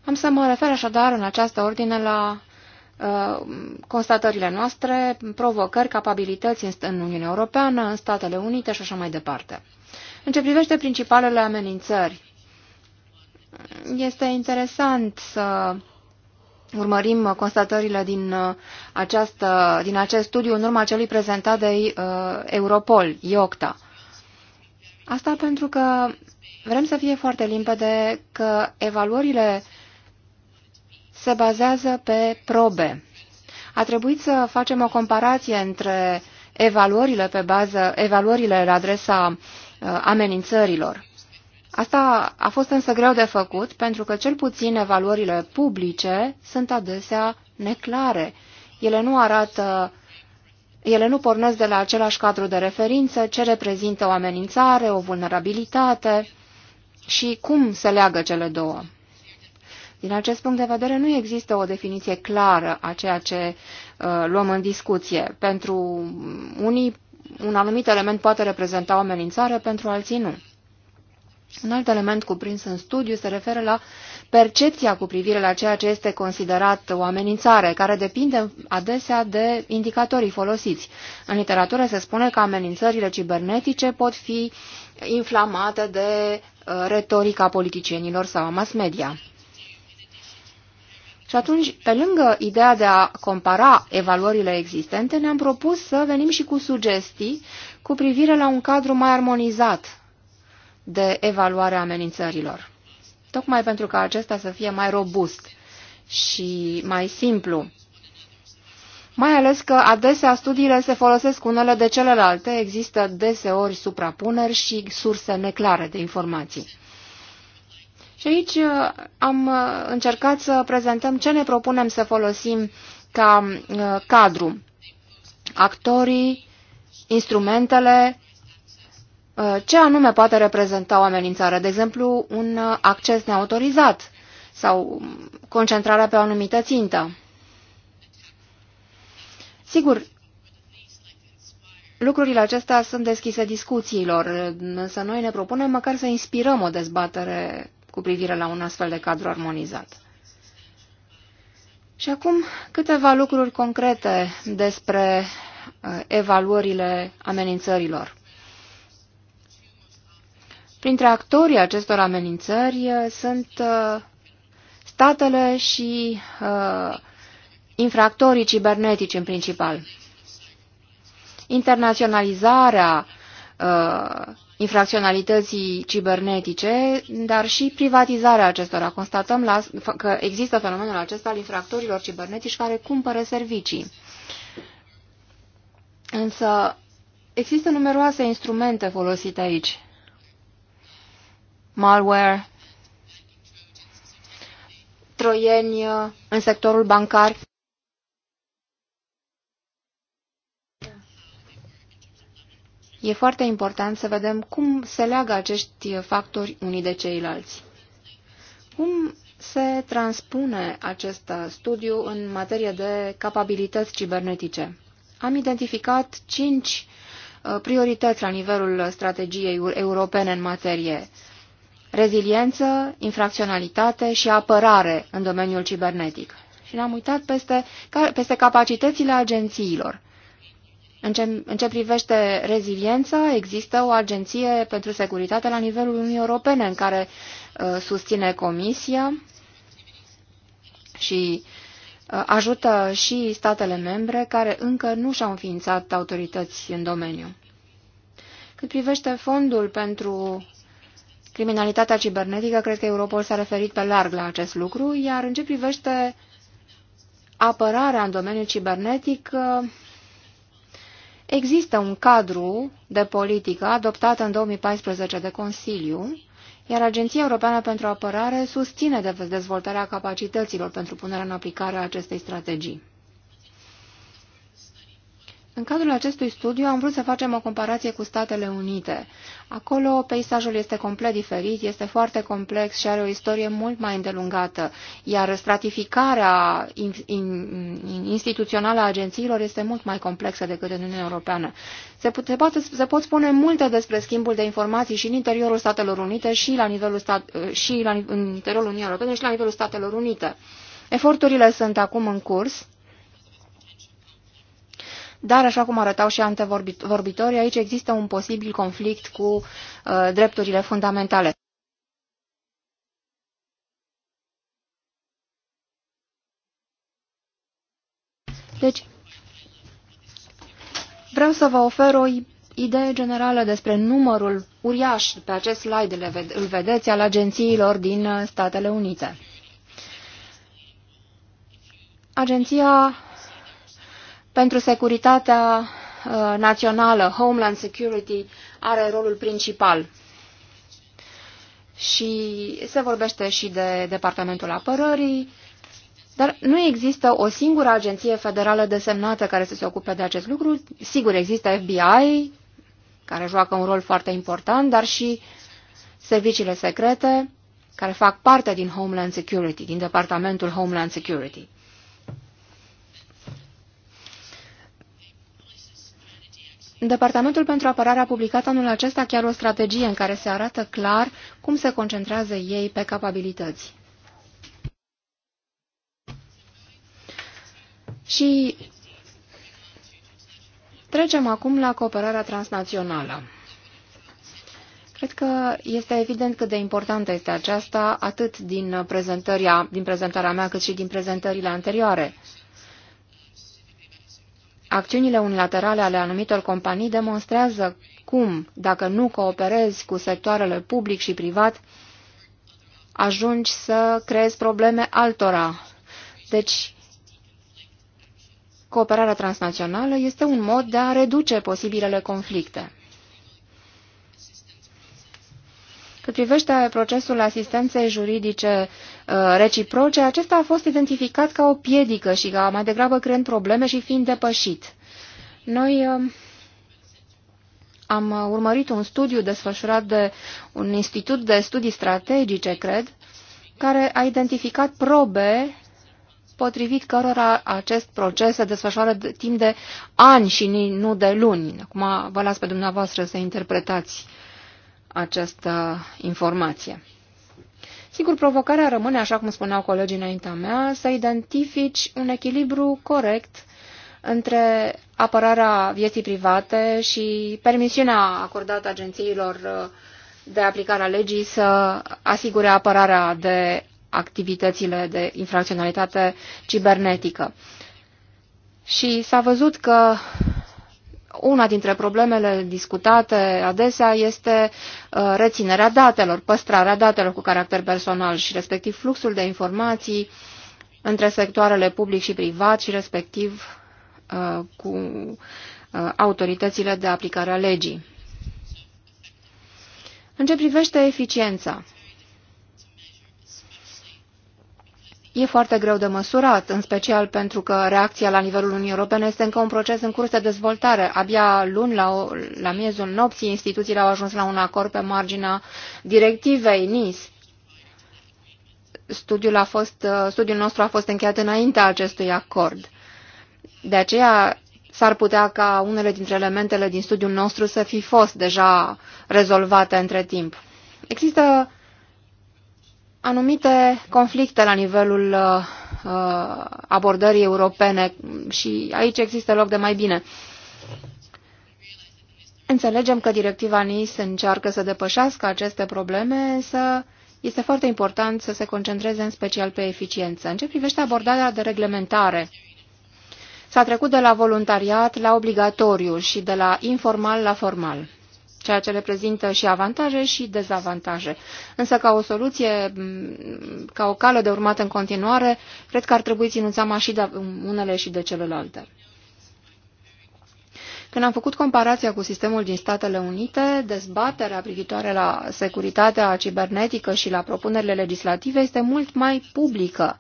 Am să mă refer așadar în această ordine la uh, constatările noastre, provocări, capabilități în, Uniunea Europeană, în Statele Unite și așa mai departe. În ce privește principalele amenințări, este interesant să urmărim constatările din, uh, această, din acest studiu în urma celui prezentat de uh, Europol, IOCTA. Asta pentru că vrem să fie foarte limpede că evaluările se bazează pe probe. A trebuit să facem o comparație între evaluările pe bază, evaluările la adresa uh, amenințărilor. Asta a fost însă greu de făcut, pentru că cel puțin evaluările publice sunt adesea neclare. Ele nu arată, ele nu pornesc de la același cadru de referință, ce reprezintă o amenințare, o vulnerabilitate și cum se leagă cele două. Din acest punct de vedere, nu există o definiție clară a ceea ce uh, luăm în discuție. Pentru unii, un anumit element poate reprezenta o amenințare, pentru alții nu. Un alt element cuprins în studiu se referă la percepția cu privire la ceea ce este considerat o amenințare, care depinde adesea de indicatorii folosiți. În literatură se spune că amenințările cibernetice pot fi inflamate de uh, retorica politicienilor sau a mass media. Și atunci, pe lângă ideea de a compara evaluările existente, ne-am propus să venim și cu sugestii cu privire la un cadru mai armonizat de evaluare a amenințărilor. Tocmai pentru ca acesta să fie mai robust și mai simplu. Mai ales că adesea studiile se folosesc unele de celelalte, există deseori suprapuneri și surse neclare de informații. Și aici uh, am uh, încercat să prezentăm ce ne propunem să folosim ca uh, cadru. Actorii, instrumentele, ce anume poate reprezenta o amenințare, de exemplu, un acces neautorizat sau concentrarea pe o anumită țintă. Sigur, lucrurile acestea sunt deschise discuțiilor, însă noi ne propunem măcar să inspirăm o dezbatere cu privire la un astfel de cadru armonizat. Și acum câteva lucruri concrete despre uh, evaluările amenințărilor. Printre actorii acestor amenințări uh, sunt uh, statele și infractorii cibernetici în principal. Internaționalizarea infracționalității cibernetice, dar și privatizarea acestora. Constatăm la, că există fenomenul acesta al infractorilor cibernetici care cumpără servicii. Însă există numeroase instrumente folosite aici. Malware, troieni în sectorul bancar, E foarte important să vedem cum se leagă acești factori unii de ceilalți. Cum se transpune acest studiu în materie de capabilități cibernetice? Am identificat cinci uh, priorități la nivelul strategiei europene în materie. Reziliență, infracționalitate și apărare în domeniul cibernetic. Și ne-am uitat peste, peste capacitățile agențiilor. În ce, în ce privește reziliența, există o agenție pentru securitate la nivelul Uniunii Europene în care uh, susține Comisia și uh, ajută și statele membre care încă nu și-au înființat autorități în domeniu. Cât privește fondul pentru criminalitatea cibernetică, cred că Europol s-a referit pe larg la acest lucru, iar în ce privește apărarea în domeniul cibernetic, uh, Există un cadru de politică adoptat în 2014 de Consiliu, iar Agenția Europeană pentru Apărare susține dezvoltarea capacităților pentru punerea în aplicare a acestei strategii. În cadrul acestui studiu am vrut să facem o comparație cu Statele Unite. Acolo peisajul este complet diferit, este foarte complex și are o istorie mult mai îndelungată, iar stratificarea instituțională a agențiilor este mult mai complexă decât în Uniunea Europeană. Se, se, poate, se pot spune multe despre schimbul de informații și în interiorul Statelor Unite și, la nivelul stat, și la, în interiorul Uniunii Europene și la nivelul Statelor Unite. Eforturile sunt acum în curs dar, așa cum arătau și antevorbitorii, aici există un posibil conflict cu uh, drepturile fundamentale. Deci, vreau să vă ofer o idee generală despre numărul uriaș, pe acest slide îl vedeți, al agențiilor din Statele Unite. Agenția pentru securitatea uh, națională, Homeland Security, are rolul principal. Și se vorbește și de Departamentul Apărării, dar nu există o singură agenție federală desemnată care să se ocupe de acest lucru. Sigur, există FBI, care joacă un rol foarte important, dar și serviciile secrete, care fac parte din Homeland Security, din Departamentul Homeland Security. Departamentul pentru apărare a publicat anul acesta chiar o strategie în care se arată clar cum se concentrează ei pe capabilități. Și trecem acum la cooperarea transnațională. Cred că este evident cât de importantă este aceasta, atât din prezentarea, din prezentarea mea, cât și din prezentările anterioare acțiunile unilaterale ale anumitor companii demonstrează cum, dacă nu cooperezi cu sectoarele public și privat, ajungi să creezi probleme altora. Deci, cooperarea transnațională este un mod de a reduce posibilele conflicte. Cât privește procesul asistenței juridice uh, reciproce, acesta a fost identificat ca o piedică și ca mai degrabă creând probleme și fiind depășit. Noi um, am urmărit un studiu desfășurat de un institut de studii strategice, cred, care a identificat probe potrivit cărora acest proces se desfășoară timp de ani și nu de luni. Acum vă las pe dumneavoastră să interpretați această informație. Sigur, provocarea rămâne, așa cum spuneau colegii înaintea mea, să identifici un echilibru corect între apărarea vieții private și permisiunea acordată agențiilor uh, de aplicare a legii să asigure apărarea de activitățile de infracționalitate cibernetică. Și s-a văzut că una dintre problemele discutate adesea este uh, reținerea datelor, păstrarea datelor cu caracter personal și respectiv fluxul de informații între sectoarele public și privat și respectiv uh, cu uh, autoritățile de aplicare a legii. În ce privește eficiența, e foarte greu de măsurat, în special pentru că reacția la nivelul Uniunii Europene este încă un proces în curs de dezvoltare. Abia luni, la, la miezul nopții, instituțiile au ajuns la un acord pe marginea directivei NIS. Studiul, a fost, studiul nostru a fost încheiat înaintea acestui acord. De aceea s-ar putea ca unele dintre elementele din studiul nostru să fi fost deja rezolvate între timp. Există anumite conflicte la nivelul uh, uh, abordării europene și aici există loc de mai bine. Înțelegem că directiva NIS încearcă să depășească aceste probleme, însă este foarte important să se concentreze în special pe eficiență. În ce privește abordarea de reglementare, s-a trecut de la voluntariat la obligatoriu și de la informal la formal ceea ce reprezintă și avantaje și dezavantaje. Însă ca o soluție, ca o cale de urmat în continuare, cred că ar trebui ținut seama și de unele și de celelalte. Când am făcut comparația cu sistemul din Statele Unite, dezbaterea privitoare la securitatea cibernetică și la propunerile legislative este mult mai publică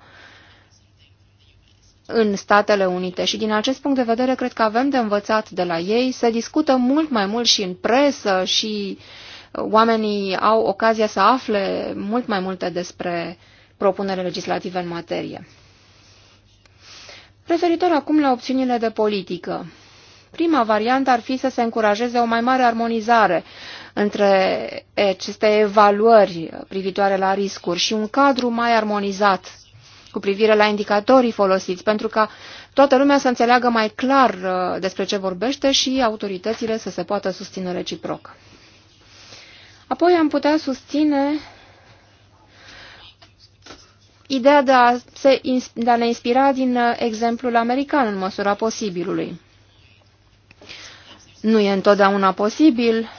în Statele Unite și din acest punct de vedere cred că avem de învățat de la ei. Se discută mult mai mult și în presă și uh, oamenii au ocazia să afle mult mai multe despre propunere legislative în materie. Referitor acum la opțiunile de politică. Prima variantă ar fi să se încurajeze o mai mare armonizare între aceste evaluări privitoare la riscuri și un cadru mai armonizat cu privire la indicatorii folosiți, pentru ca toată lumea să înțeleagă mai clar uh, despre ce vorbește și autoritățile să se poată susține reciproc. Apoi am putea susține ideea de a, se, de a ne inspira din uh, exemplul american în măsura posibilului. Nu e întotdeauna posibil,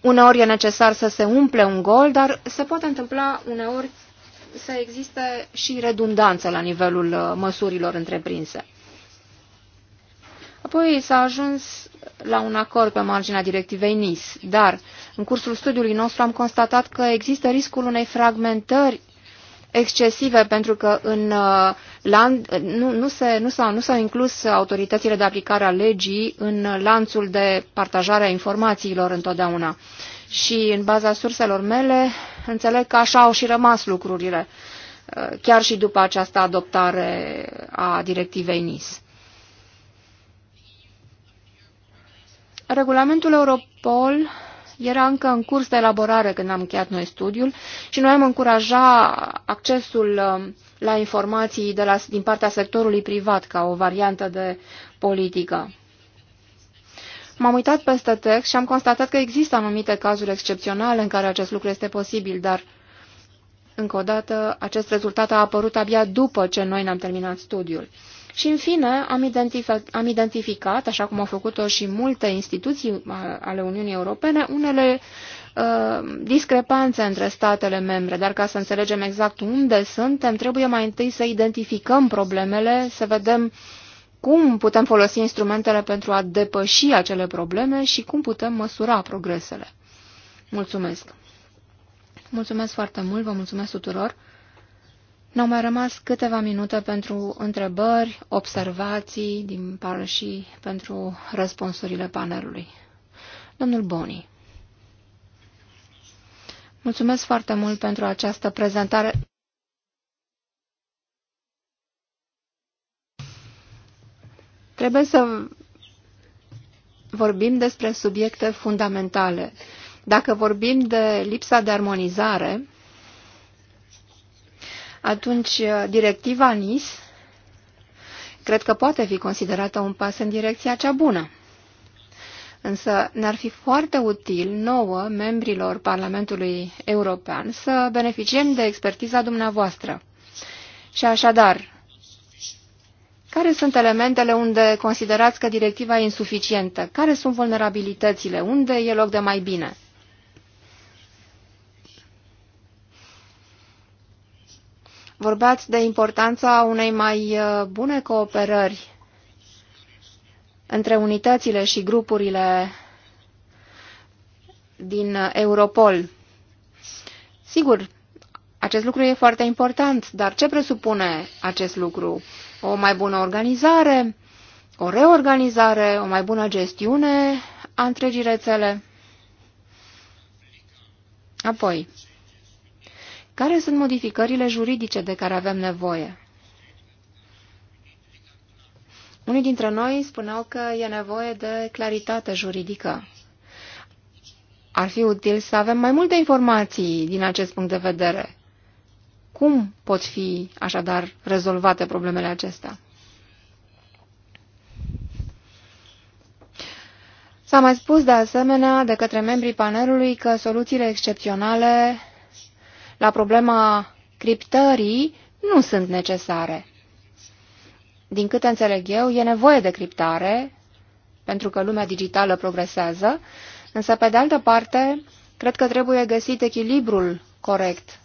uneori e necesar să se umple un gol, dar se poate întâmpla uneori să existe și redundanță la nivelul uh, măsurilor întreprinse. Apoi s-a ajuns la un acord pe marginea directivei NIS, dar în cursul studiului nostru am constatat că există riscul unei fragmentări excesive pentru că în uh, land, nu, nu, s-au, nu nu inclus autoritățile de aplicare a legii în lanțul de partajare a informațiilor întotdeauna. Și în baza surselor mele Înțeleg că așa au și rămas lucrurile, uh, chiar și după această adoptare a directivei NIS. Regulamentul Europol era încă în curs de elaborare când am încheiat noi studiul și noi am încuraja accesul um, la informații de la, din partea sectorului privat ca o variantă de politică. M-am uitat peste text și am constatat că există anumite cazuri excepționale în care acest lucru este posibil, dar, încă o dată, acest rezultat a apărut abia după ce noi ne-am terminat studiul. Și, în fine, am, identific am identificat, așa cum au făcut-o și multe instituții uh, ale Uniunii Europene, unele uh, discrepanțe între statele membre, dar ca să înțelegem exact unde suntem, trebuie mai întâi să identificăm problemele, să vedem uh, cum putem folosi instrumentele pentru a depăși acele probleme și cum putem măsura progresele. Mulțumesc! Mulțumesc foarte mult, vă mulțumesc tuturor! Ne-au mai rămas câteva minute pentru întrebări, observații din par și pentru răspunsurile panelului. Domnul Boni. Mulțumesc foarte mult pentru această prezentare. Trebuie să vorbim despre subiecte fundamentale. Dacă vorbim de lipsa de armonizare, atunci uh, directiva NIS cred că poate fi considerată un pas în direcția cea bună. Însă ne-ar fi foarte util nouă membrilor Parlamentului European să beneficiem de expertiza dumneavoastră. Și așadar, care sunt elementele unde considerați că directiva e insuficientă? Care sunt vulnerabilitățile? Unde e loc de mai bine? Vorbeați de importanța unei mai uh, bune cooperări între unitățile și grupurile din uh, Europol. Sigur, acest lucru e foarte important, dar ce presupune acest lucru? o mai bună organizare, o reorganizare, o mai bună gestiune a întregii rețele. Apoi, care sunt modificările juridice de care avem nevoie? Unii dintre noi spuneau că e nevoie de claritate juridică. Ar fi util să avem mai multe informații din acest punct de vedere. Cum pot fi așadar rezolvate problemele acestea? S-a mai spus de asemenea de către membrii panelului că soluțiile excepționale la problema criptării nu sunt necesare. Din câte înțeleg eu, e nevoie de criptare, pentru că lumea digitală progresează, însă, pe de altă parte, cred că trebuie găsit echilibrul corect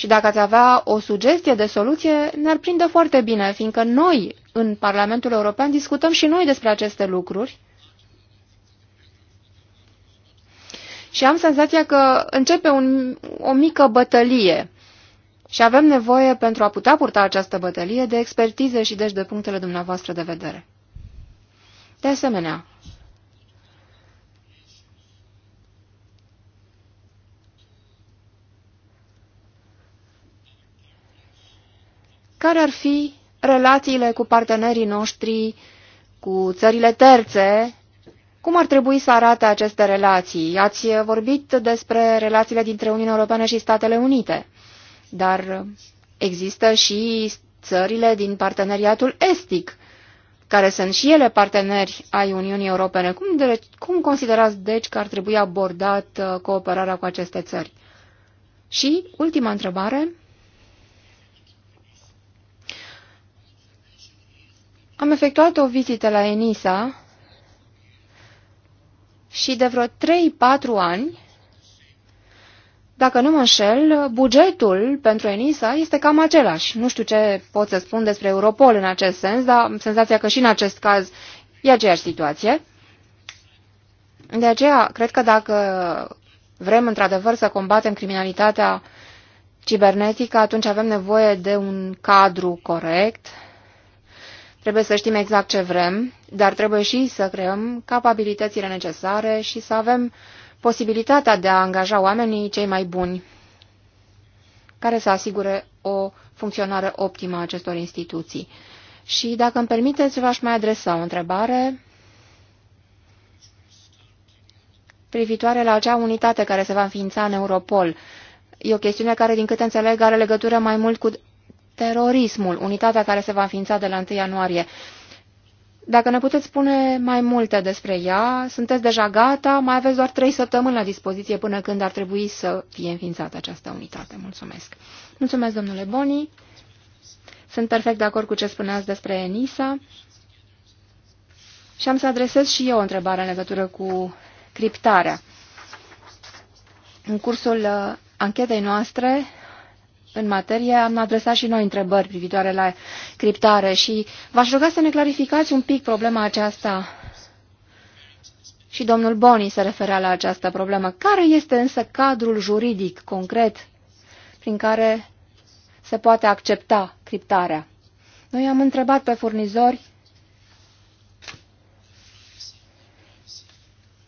și dacă ați avea o sugestie de soluție, ne-ar prinde foarte bine, fiindcă noi, în Parlamentul European, discutăm și noi despre aceste lucruri. Și am senzația că începe un, o mică bătălie și avem nevoie, pentru a putea purta această bătălie, de expertize și deci de punctele dumneavoastră de vedere. De asemenea, care ar fi relațiile cu partenerii noștri, cu țările terțe, cum ar trebui să arate aceste relații? Ați vorbit despre relațiile dintre Uniunea Europeană și Statele Unite, dar există și țările din parteneriatul estic, care sunt și ele parteneri ai Uniunii Europene. Cum, de, cum considerați, deci, că ar trebui abordat uh, cooperarea cu aceste țări? Și ultima întrebare. Am efectuat o vizită la ENISA și de vreo 3-4 ani, dacă nu mă înșel, bugetul pentru ENISA este cam același. Nu știu ce pot să spun despre Europol în acest sens, dar am senzația că și în acest caz e aceeași situație. De aceea, cred că dacă vrem într-adevăr să combatem criminalitatea cibernetică, atunci avem nevoie de un cadru corect, Trebuie să știm exact ce vrem, dar trebuie și să creăm capabilitățile necesare și să avem posibilitatea de a angaja oamenii cei mai buni care să asigure o funcționare optimă a acestor instituții. Și dacă îmi permiteți, v-aș mai adresa o întrebare privitoare la acea unitate care se va înființa în Europol. E o chestiune care, din câte înțeleg, are legătură mai mult cu terorismul, unitatea care se va înființa de la 1 ianuarie. Dacă ne puteți spune mai multe despre ea, sunteți deja gata, mai aveți doar trei săptămâni la dispoziție până când ar trebui să fie înființată această unitate. Mulțumesc. Mulțumesc, domnule Boni. Sunt perfect de acord cu ce spuneați despre ENISA. Și am să adresez și eu o întrebare în legătură cu criptarea. În cursul uh, anchetei noastre în materie, am adresat și noi întrebări privitoare la criptare și v-aș ruga să ne clarificați un pic problema aceasta. Și domnul Boni se referea la această problemă. Care este însă cadrul juridic concret prin care se poate accepta criptarea? Noi am întrebat pe furnizori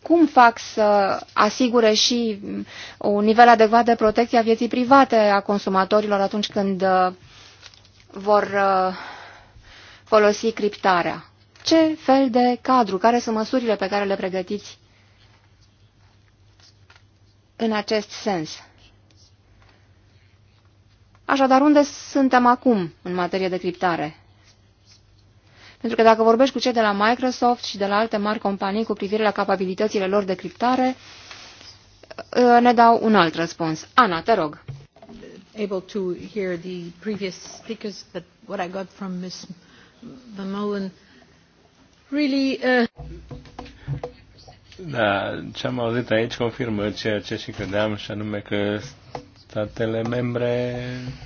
cum fac să asigure și un nivel adecvat de protecție a vieții private a consumatorilor atunci când uh, vor uh, folosi criptarea? Ce fel de cadru, care sunt măsurile pe care le pregătiți în acest sens? Așadar, unde suntem acum în materie de criptare? Pentru că dacă vorbești cu cei de la Microsoft și de la alte mari companii cu privire la capabilitățile lor de criptare, uh, ne dau un alt răspuns. Ana, te rog. Able to hear the previous speakers, but what I got from Ms. really... Uh, da, ce am auzit aici confirmă ceea ce și credeam, și anume că statele membre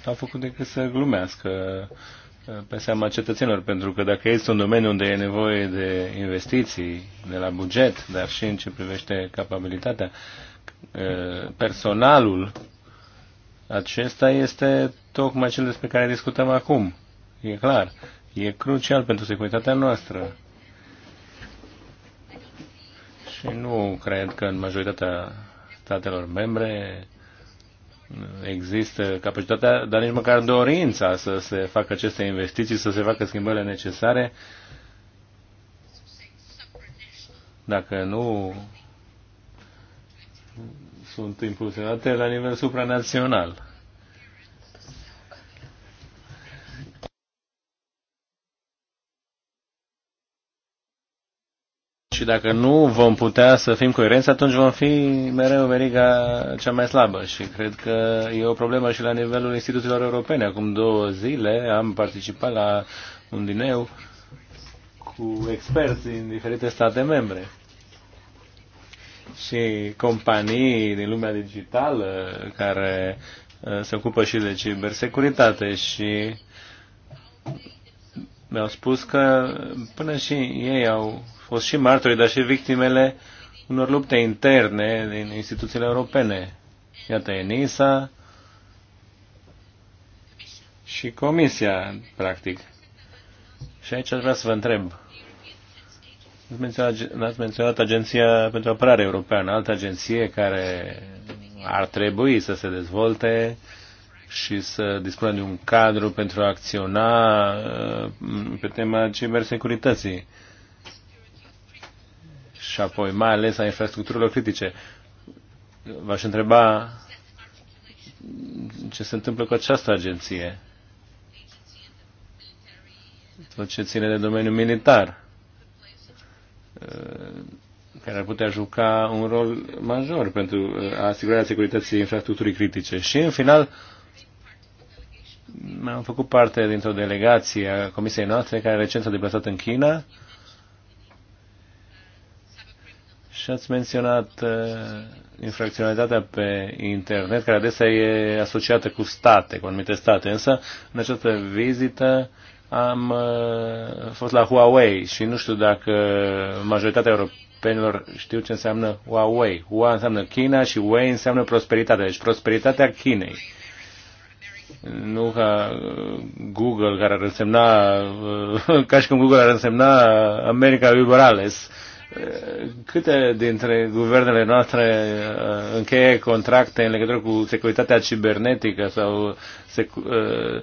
au făcut decât să glumească pe seama cetățenilor, pentru că dacă este un domeniu unde e nevoie de investiții, de la buget, dar și în ce privește capabilitatea, eh, personalul acesta este tocmai cel despre care discutăm acum. E clar. E crucial pentru securitatea noastră. Și nu cred că în majoritatea statelor membre există capacitatea, dar nici măcar dorința să se facă aceste investiții, să se facă schimbările necesare. Dacă nu sunt impulsionate la nivel supranațional. Și dacă nu vom putea să fim coerenți, atunci vom fi mereu veriga cea mai slabă. Și cred că e o problemă și la nivelul instituțiilor europene. Acum două zile am participat la un dineu cu experți din diferite state membre și companii din lumea digitală care uh, se ocupă și de cibersecuritate și mi-au spus că până și ei au fost și martorii, dar și victimele unor lupte interne din instituțiile europene. Iată ENISA și Comisia, practic. Și aici aș vrea să vă întreb. Ați menționat, ați menționat Agenția pentru Apărare Europeană, altă agenție care ar trebui să se dezvolte și să dispună de un cadru pentru a acționa uh, pe tema cibersecurității și apoi mai ales a infrastructurilor critice. V-aș întreba ce se întâmplă cu această agenție. Tot ce ține de domeniul militar, uh, care ar putea juca un rol major pentru uh, asigurarea securității infrastructurii critice. Și, în final, am făcut parte dintr-o delegație a comisiei noastre care recent s-a deplasat în China Și ați menționat uh, infracționalitatea pe internet, care adesea e asociată cu state, cu anumite state. Însă, în această vizită am uh, fost la Huawei și nu știu dacă majoritatea europenilor știu ce înseamnă Huawei. Huawei înseamnă China și Wei înseamnă prosperitatea. Deci prosperitatea Chinei nu ca uh, Google, care ar însemna, uh, ca și cum Google ar însemna America Liberales câte dintre guvernele noastre uh, încheie contracte în legătură cu securitatea cibernetică sau uh,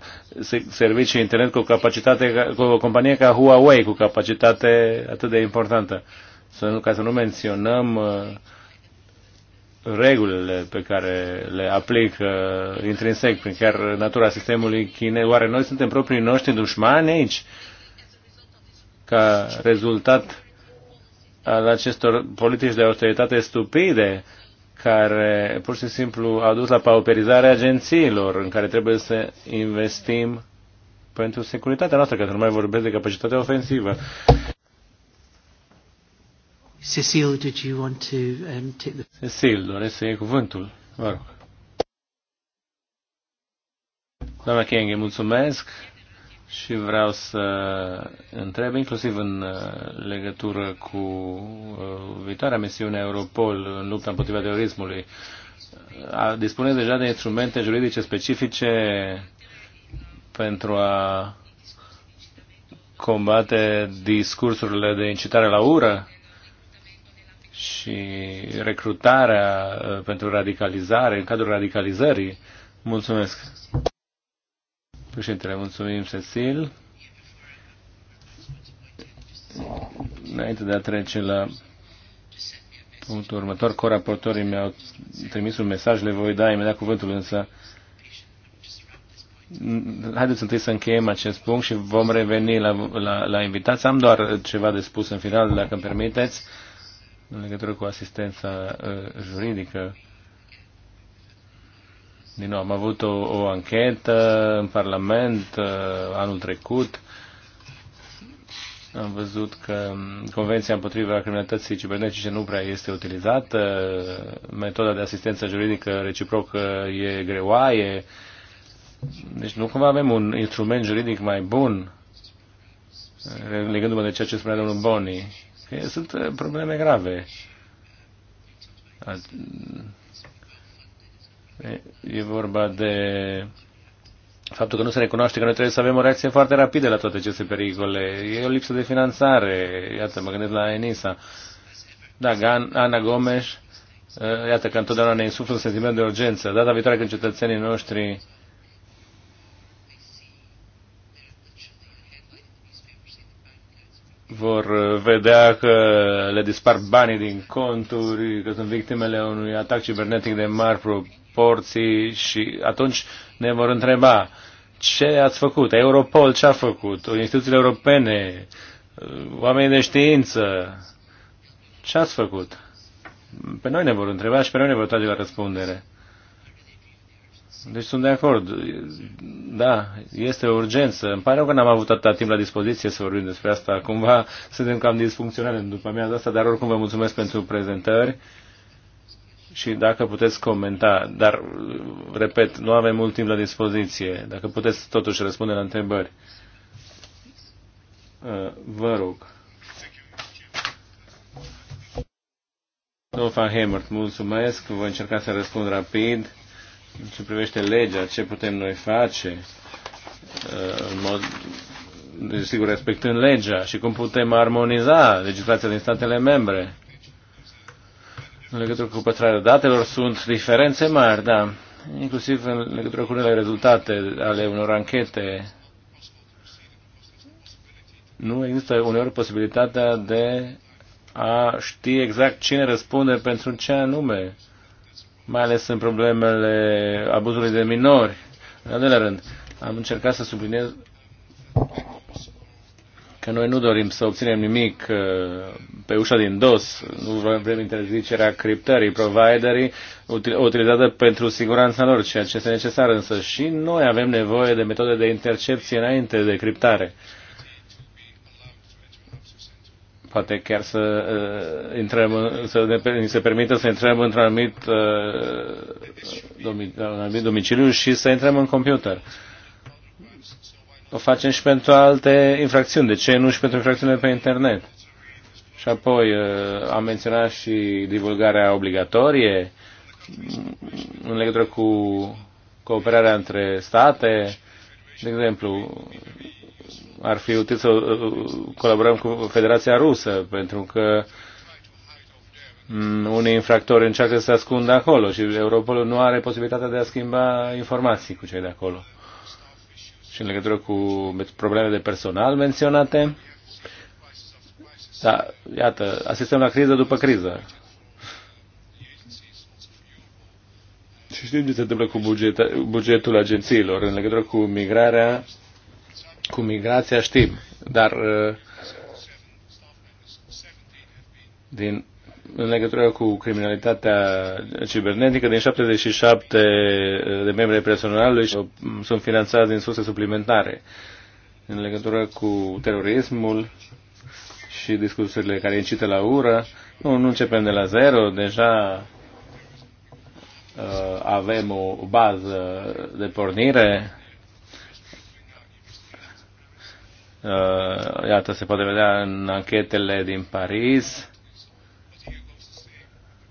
servicii internet cu, capacitate, cu o companie ca Huawei, cu capacitate atât de importantă? Să nu, ca să nu menționăm uh, regulile pe care le aplic uh, intrinsec prin chiar natura sistemului chinez. Oare noi suntem proprii noștri dușmani aici? Ca rezultat al acestor politici de austeritate stupide care pur și simplu au dus la pauperizarea agențiilor în care trebuie să investim pentru securitatea noastră, că nu mai vorbesc de capacitatea ofensivă. Cecil, did you want to um, take the... Cecil, doresc să iei cuvântul. Vă rog. Doamna Kenge, mulțumesc și vreau să întreb, inclusiv în uh, legătură cu uh, viitoarea misiune Europol în lupta împotriva terorismului, uh, dispune deja de instrumente juridice specifice pentru a combate discursurile de incitare la ură și recrutarea pentru radicalizare, în cadrul radicalizării. Mulțumesc! Președintele, mulțumim, Cecil. Înainte de a trece la punctul următor, coraportorii mi-au trimis un mesaj, le voi da imediat cuvântul, însă haideți întâi să încheiem acest punct și vom reveni la, la, la invitați. Am doar ceva de spus în final, dacă îmi permiteți, în legătură cu asistența uh, juridică din nou, am avut o, o anchetă în Parlament uh, anul trecut. Am văzut că Convenția împotriva criminalității cibernetice nu prea este utilizată, metoda de asistență juridică reciprocă e greoaie, deci nu cumva avem un instrument juridic mai bun, uh, legându-mă de ceea ce spunea domnul Boni, sunt uh, probleme grave. E vorba de faptul că nu se recunoaște că noi trebuie să avem o reacție foarte rapidă la toate aceste pericole. E o lipsă de finanțare. Iată, mă gândesc la ENISA. Da, Ana Gomes, uh, iată că întotdeauna ne insuflă un sentiment de urgență. Data viitoare când cetățenii noștri vor uh, vedea că le dispar banii din conturi, că sunt victimele unui atac cibernetic de mari proporții și atunci ne vor întreba ce ați făcut, Europol ce a făcut, instituțiile europene, uh, oamenii de știință, ce ați făcut? Pe noi ne vor întreba și pe noi ne vor trage la răspundere. Deci sunt de acord. Da, este o urgență. Îmi pare că n-am avut atâta timp la dispoziție să vorbim despre asta. Cumva suntem cam disfuncționale după mea asta, dar oricum vă mulțumesc pentru prezentări și dacă puteți comenta, dar, repet, nu avem mult timp la dispoziție. Dacă puteți totuși răspunde la întrebări, uh, vă rog. Domnul Van Hemert, mulțumesc. Voi încerca să răspund rapid în ce privește legea, ce putem noi face, uh, în mod, desigur, respectând legea și cum putem armoniza legislația din statele membre. În legătură cu păstrarea datelor sunt diferențe mari, da, inclusiv în legătură cu unele rezultate ale unor anchete. Nu există uneori posibilitatea de a ști exact cine răspunde pentru ce anume. Uh, mai ales în problemele abuzului de minori. În al doilea rând, am încercat să subliniez că noi nu dorim să obținem nimic uh, pe ușa din dos, nu vrem, vrem interzicerea criptării, providerii utilizată pentru siguranța lor, ceea ce este necesar, însă și noi avem nevoie de metode de intercepție înainte de criptare poate chiar să uh, intrăm, să ne, ni se permită să intrăm într-un anumit, uh, anumit domiciliu și să intrăm în computer. O facem și pentru alte infracțiuni. De ce nu și pentru infracțiunile pe internet? Și apoi uh, am menționat și divulgarea obligatorie în legătură cu cooperarea între state. De exemplu, ar fi util să uh, colaborăm cu Federația Rusă, pentru că mm, unii infractori încearcă să se ascundă acolo și Europolul nu are posibilitatea de a schimba informații cu cei de acolo. Și în legătură cu probleme de personal menționate, da, iată, asistăm la criză după criză. Și știm ce se întâmplă cu bugetul agențiilor în legătură cu migrarea cu migrația știm, dar uh, din, în legătură cu criminalitatea cibernetică, din 77 uh, de membri personalului uh, sunt finanțați din surse suplimentare. În legătură cu terorismul, și discursurile care incită la ură. Nu, nu începem de la zero, deja avem o bază de pornire Uh, iată, se poate vedea în anchetele din Paris.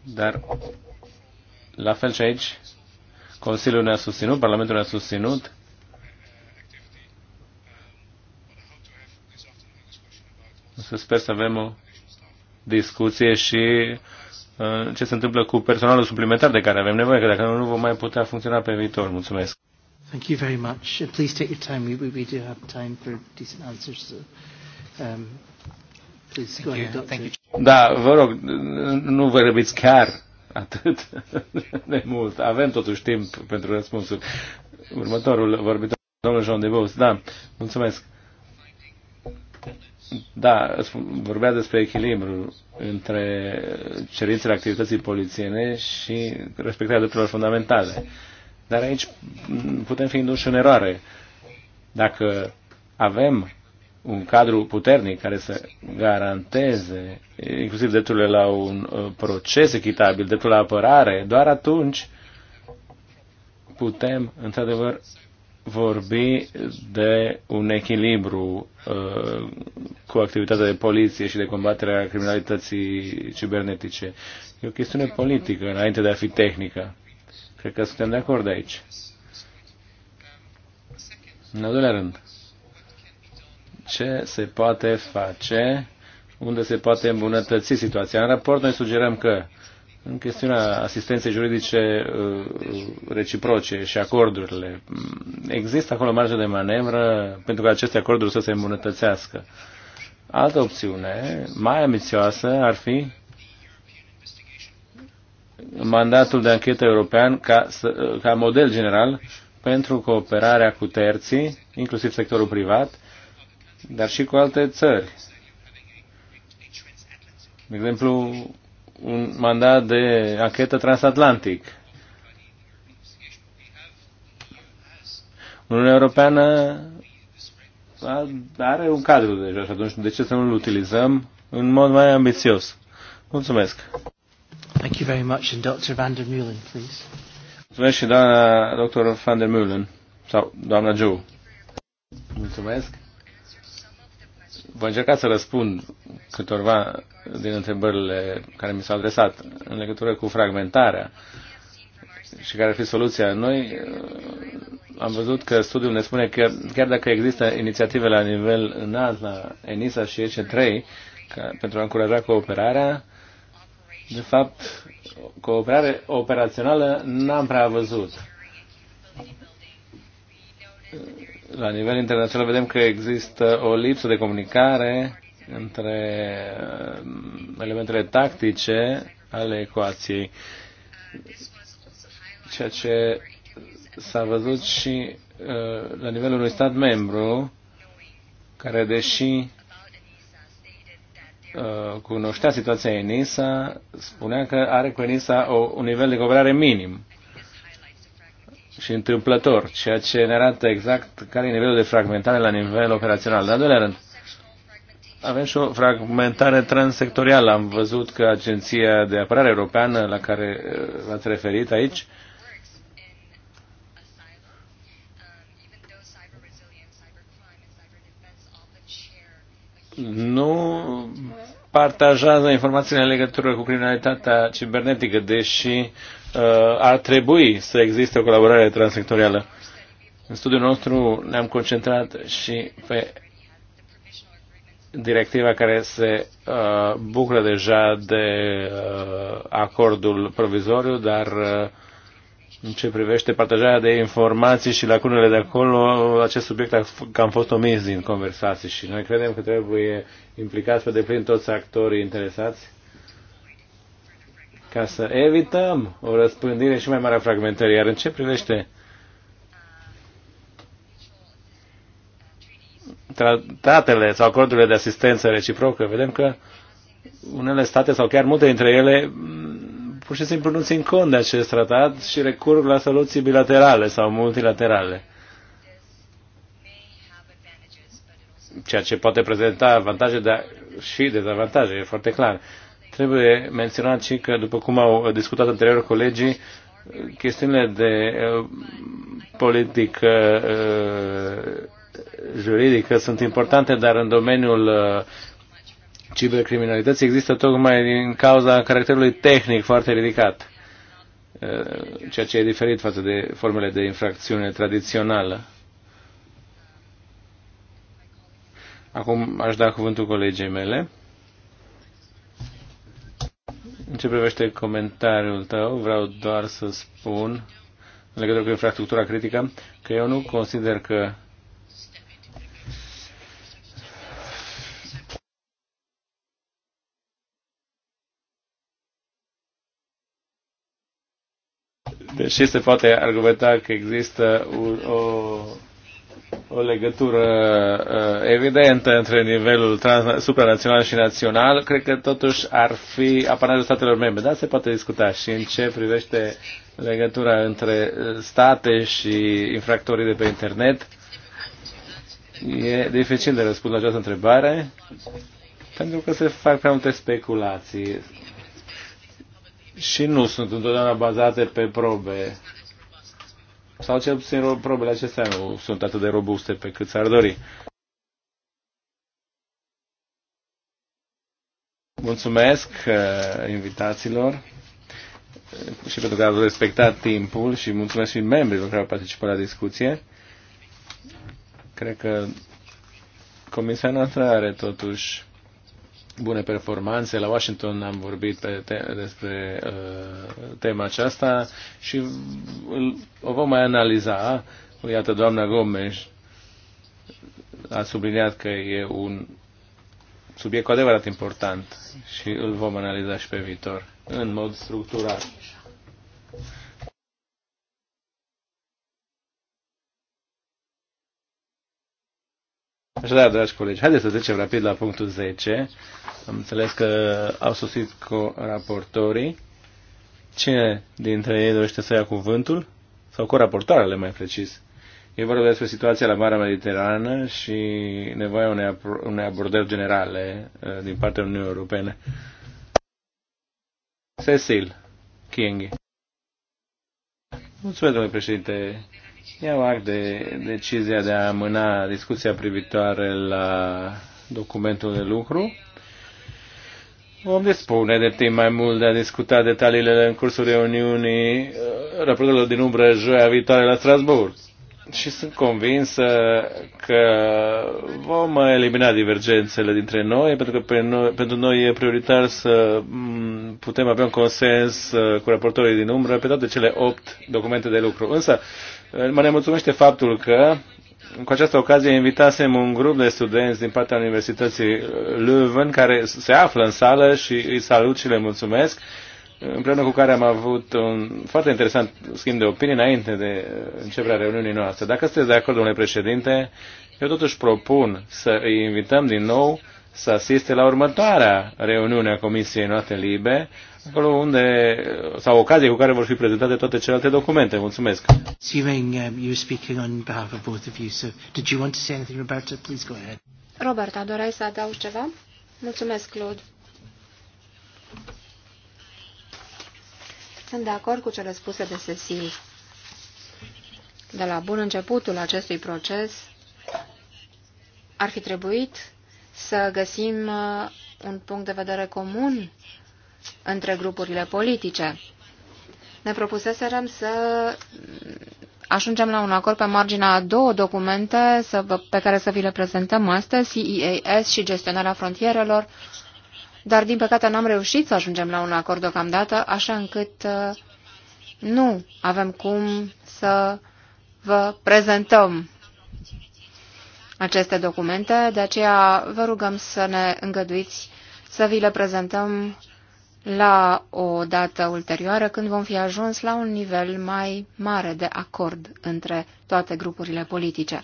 Dar, la fel și aici, Consiliul ne-a susținut, Parlamentul ne-a susținut. Să sper să avem o discuție și uh, ce se întâmplă cu personalul suplimentar de care avem nevoie, că dacă nu, nu vom mai putea funcționa pe viitor. Mulțumesc! Thank you very much. And uh, please take your time. We, we, we do have time for decent answers. So, um, please Thank go you. ahead, Thank you. Da, vă rog, nu vă răbiți chiar atât de mult. Avem totuși timp pentru răspunsul. Următorul vorbitor, domnul Jean de Bous. Da, mulțumesc. Da, vorbea despre echilibru între cerințele activității polițiene și respectarea drepturilor fundamentale. Uh, dar aici putem fi induși în eroare. Dacă avem un cadru puternic care să garanteze inclusiv drepturile la un uh, proces echitabil, dreptul la apărare, doar atunci putem, într-adevăr, vorbi de un echilibru uh, cu activitatea de poliție și de combaterea criminalității cibernetice. E o chestiune politică, înainte de a fi tehnică. Cred că suntem de acord aici. În al doilea rând, ce se poate face, unde se poate îmbunătăți situația. În raport noi sugerăm că în chestiunea asistenței juridice uh, reciproce și acordurile, mm, există acolo marge de manevră pentru că aceste acorduri să se îmbunătățească. Altă opțiune, mai ambițioasă, ar fi mandatul de anchetă european ca, ca model general pentru cooperarea cu terții, inclusiv sectorul privat, dar și cu alte țări. De exemplu, un mandat de anchetă transatlantic. Uniunea Europeană are un cadru deja și atunci de ce să nu-l utilizăm în mod mai ambițios? Mulțumesc! Thank you very much. And Dr. Van der please. Mulțumesc și doamna dr. Van der Meulen, sau doamna Joe. Mulțumesc. Voi încerca să răspund câtorva din întrebările care mi s-au adresat în legătură cu fragmentarea și care ar fi soluția. Noi uh, am văzut că studiul ne spune că chiar dacă există inițiative la nivel înalt, la ENISA și EC3, ca, pentru a încuraja cooperarea, de fapt, cooperare operațională n-am prea văzut. La nivel internațional vedem că există o lipsă de comunicare între uh, elementele tactice ale ecuației, ceea ce s-a văzut și uh, la nivelul unui stat membru, care deși Uh, cunoștea situația ENISA, spunea că are cu ENISA o, un nivel de cooperare minim și întâmplător, ceea ce ne arată exact care e nivelul de fragmentare la nivel operațional. Dar, doilea rând, avem și o fragmentare transsectorială. Am văzut că Agenția de Apărare Europeană, la care uh, v-ați referit aici, nu partajează informațiile în legătură cu criminalitatea cibernetică, deși uh, ar trebui să existe o colaborare transsectorială. În studiul nostru ne-am concentrat și pe directiva care se uh, bucură deja de uh, acordul provizoriu, dar uh, în ce privește partajarea de informații și lacunele de acolo, acest subiect a cam fost omis din conversații și noi credem că trebuie implicați pe deplin toți actorii interesați ca să evităm o răspândire și mai mare a fragmentării. Iar în ce privește tratatele sau acordurile de asistență reciprocă, vedem că unele state sau chiar multe dintre ele pur și simplu nu țin cont de acest tratat și recurg la soluții bilaterale sau multilaterale. Ceea ce poate prezenta avantaje dar și dezavantaje, e foarte clar. Trebuie menționat și că, după cum au discutat anterior colegii, chestiunile de uh, politică uh, juridică sunt importante, dar în domeniul uh, cibercriminalității există tocmai din cauza caracterului tehnic foarte ridicat, uh, ceea ce e diferit față de formele de infracțiune tradițională. Acum aș da cuvântul colegii mele. În ce privește comentariul tău, vreau doar să spun, în legătură cu infrastructura critică, că eu nu consider că Deși deci se poate argumenta că există un, o, o legătură uh, evidentă între nivelul trans, supranațional și național, cred că totuși ar fi apanajul statelor membre. Dar se poate discuta și în ce privește legătura între state și infractorii de pe internet. E dificil de răspuns la această întrebare, pentru că se fac prea multe speculații și nu sunt întotdeauna bazate pe probe. Sau cel puțin probele acestea nu sunt atât de robuste pe cât s-ar dori. Mulțumesc uh, invitațiilor și pentru că au respectat timpul și mulțumesc și membrilor care au participat la discuție. Cred că comisia noastră are totuși bune performanțe. La Washington am vorbit pe te- despre uh, tema aceasta și o vom mai analiza. Iată, doamna Gomes a subliniat că e un subiect cu adevărat important și îl vom analiza și pe viitor, în mod structurat. Așadar, dragi colegi, haideți să trecem rapid la punctul 10, am înțeles că au sosit cu raportorii. Cine dintre ei dorește să ia cuvântul? Sau cu raportoarele, mai precis. E vorba despre situația la Marea Mediterană și nevoia unei, unei abordări generale uh, din partea Uniunii Europene. Cecil Kienghi. Mulțumesc, domnule președinte. Iau act de decizia de a amâna discuția privitoare la documentul de lucru Vom dispune de timp mai mult de a discuta detaliile în cursul reuniunii uh, raportelor din umbră joia viitoare la Strasburg. Și sunt convins că vom elimina divergențele dintre noi, pentru că pe noi, pentru noi e prioritar să mm, putem avea un consens uh, cu raportorii din umbră pe toate cele opt documente de lucru. Însă, uh, mă mulțumește faptul că cu această ocazie invitasem un grup de studenți din partea Universității Leuven care se află în sală și îi salut și le mulțumesc împreună cu care am avut un foarte interesant schimb de opinie înainte de începerea reuniunii noastre. Dacă sunteți de acord, domnule președinte, eu totuși propun să îi invităm din nou să asiste la următoarea reuniune a Comisiei Noastre Libe, acolo unde, sau ocazie cu care vor fi prezentate toate celelalte documente. Mulțumesc. Assuming um, you speaking on behalf of both of you, so did you want to say anything, Roberta? Please go ahead. Roberta, doreai să adaugi ceva? Mulțumesc, Claude. Sunt de acord cu cele spuse de Cecil. De la bun începutul acestui proces, ar fi trebuit să găsim uh, un punct de vedere comun între grupurile politice. Ne propuseserăm să ajungem la un acord pe marginea a două documente pe care să vi le prezentăm astăzi, CEAS și gestionarea frontierelor, dar din păcate n-am reușit să ajungem la un acord deocamdată, așa încât uh, nu avem cum să vă prezentăm aceste documente, de aceea vă rugăm să ne îngăduiți să vi le prezentăm la o dată ulterioară, când vom fi ajuns la un nivel mai mare de acord între toate grupurile politice.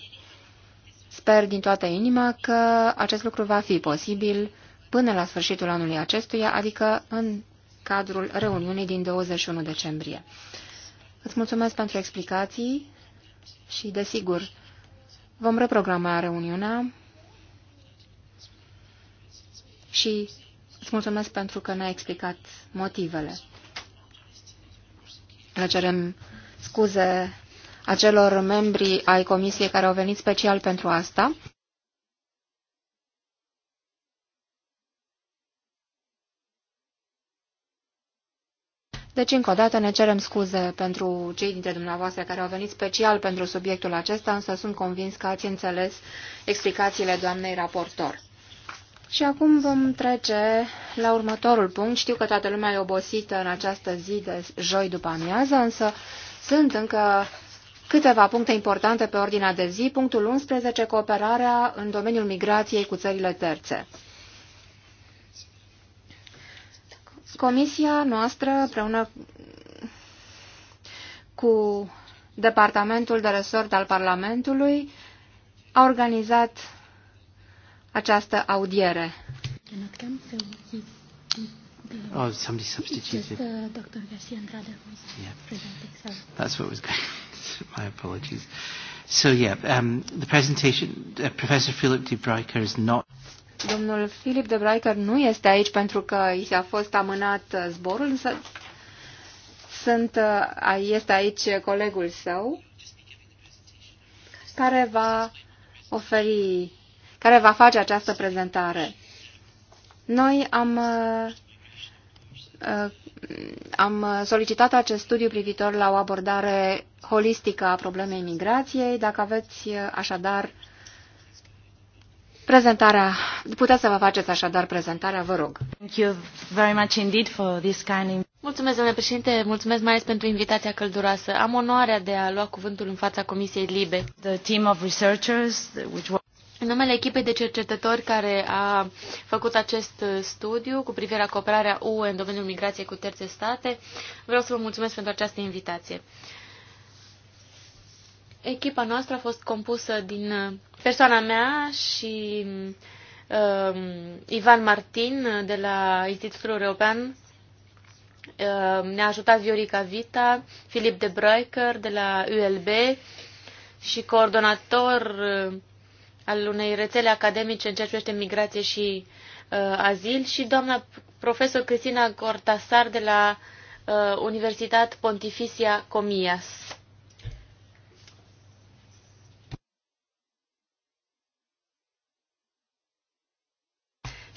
Sper din toată inima că acest lucru va fi posibil până la sfârșitul anului acestuia, adică în cadrul reuniunii din 21 decembrie. Îți mulțumesc pentru explicații și, desigur, Vom reprograma reuniunea și îți mulțumesc pentru că ne-ai explicat motivele. Ne cerem scuze acelor membri ai comisiei care au venit special pentru asta. Deci, încă o dată, ne cerem scuze pentru cei dintre dumneavoastră care au venit special pentru subiectul acesta, însă sunt convins că ați înțeles explicațiile doamnei raportor. Și acum vom trece la următorul punct. Știu că toată lumea e obosită în această zi de joi după amiază, însă sunt încă câteva puncte importante pe ordinea de zi. Punctul 11, cooperarea în domeniul migrației cu țările terțe. Comisia noastră, împreună cu Departamentul de Resort al Parlamentului, a organizat această audiere. Oh, somebody substituted. Just, uh, Dr. Garcia Andrade was yeah. present. Exact. That's what was going. My apologies. So yeah, um, the presentation, uh, Professor Philip de Breiker is not. Domnul Filip de Braiker nu este aici pentru că i a fost amânat zborul, însă sunt, uh, este aici colegul său care va oferi, care va face această prezentare. Noi am, uh, uh, am solicitat acest studiu privitor la o abordare holistică a problemei migrației. Dacă aveți așadar Prezentarea, puteți să vă faceți așadar prezentarea, vă rog. Thank you very much indeed for this kind of... Mulțumesc, domnule președinte, mulțumesc mai ales pentru invitația călduroasă. Am onoarea de a lua cuvântul în fața Comisiei Libe. The team of researchers, which în numele echipei de cercetători care a făcut acest studiu cu privire la cooperarea UE în domeniul migrației cu terțe state, vreau să vă mulțumesc pentru această invitație. Echipa noastră a fost compusă din uh, persoana mea și uh, Ivan Martin uh, de la Institutul European. Uh, ne-a ajutat Viorica Vita, Filip de Breuker de la ULB și coordonator uh, al unei rețele academice în ceea ce privește migrație și uh, azil și doamna profesor Cristina Cortasar de la uh, Universitat Pontificia Comias.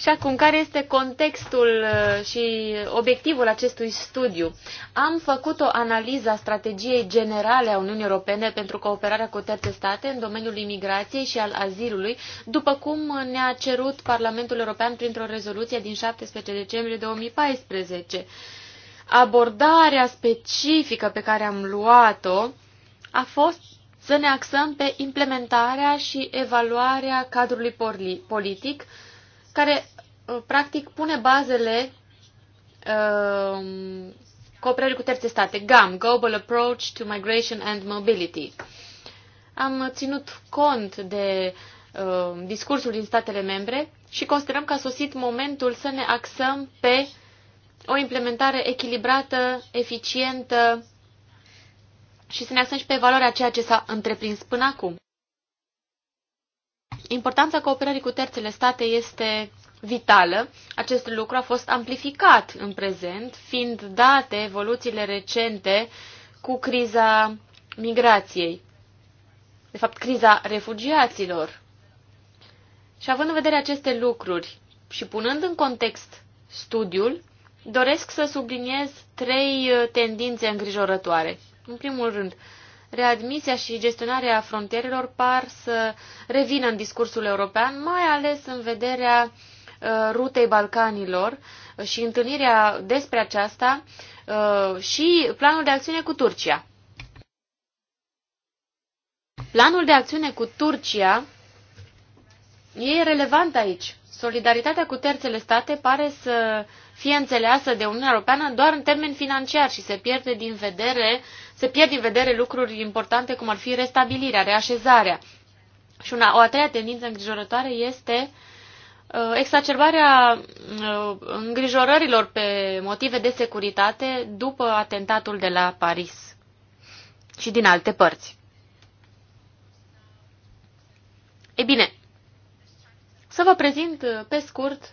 Și acum, care este contextul uh, și obiectivul acestui studiu? Am făcut o analiză a strategiei generale a Uniunii Europene pentru cooperarea cu terțe state în domeniul imigrației și al azilului, după cum ne-a cerut Parlamentul European printr-o rezoluție din 17 decembrie 2014. Abordarea specifică pe care am luat-o a fost să ne axăm pe implementarea și evaluarea cadrului politic, care uh, practic pune bazele uh, cooperării cu terțe state, GAM, Global Approach to Migration and Mobility. Am ținut cont de uh, discursul din statele membre și considerăm că a sosit momentul să ne axăm pe o implementare echilibrată, eficientă și să ne axăm și pe valoarea ceea ce s-a întreprins până acum. Importanța cooperării cu terțele state este vitală. Acest lucru a fost amplificat în prezent, fiind date evoluțiile recente cu criza migrației, de fapt criza refugiaților. Și având în vedere aceste lucruri și punând în context studiul, doresc să subliniez trei uh, tendințe îngrijorătoare. În primul rând, readmisia și gestionarea frontierelor par să revină în discursul european, mai ales în vederea uh, rutei Balcanilor uh, și întâlnirea despre aceasta uh, și planul de acțiune cu Turcia. Planul de acțiune cu Turcia e relevant aici. Solidaritatea cu terțele state pare să fie înțeleasă de Uniunea Europeană doar în termeni financiari și se pierde din vedere se pierd din vedere lucruri importante cum ar fi restabilirea, reașezarea. Și una, o a treia tendință îngrijorătoare este uh, exacerbarea uh, îngrijorărilor pe motive de securitate după atentatul de la Paris și din alte părți. Ei bine, să vă prezint uh, pe scurt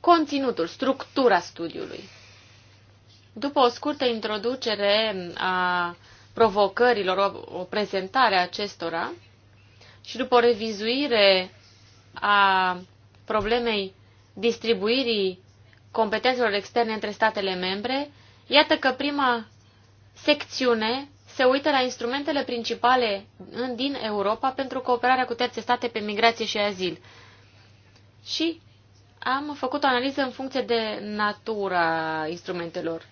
conținutul, structura studiului. După o scurtă introducere a provocărilor, o prezentare a acestora și după o revizuire a problemei distribuirii competențelor externe între statele membre, iată că prima secțiune se uită la instrumentele principale din Europa pentru cooperarea cu terțe state pe migrație și azil. Și am făcut o analiză în funcție de natura instrumentelor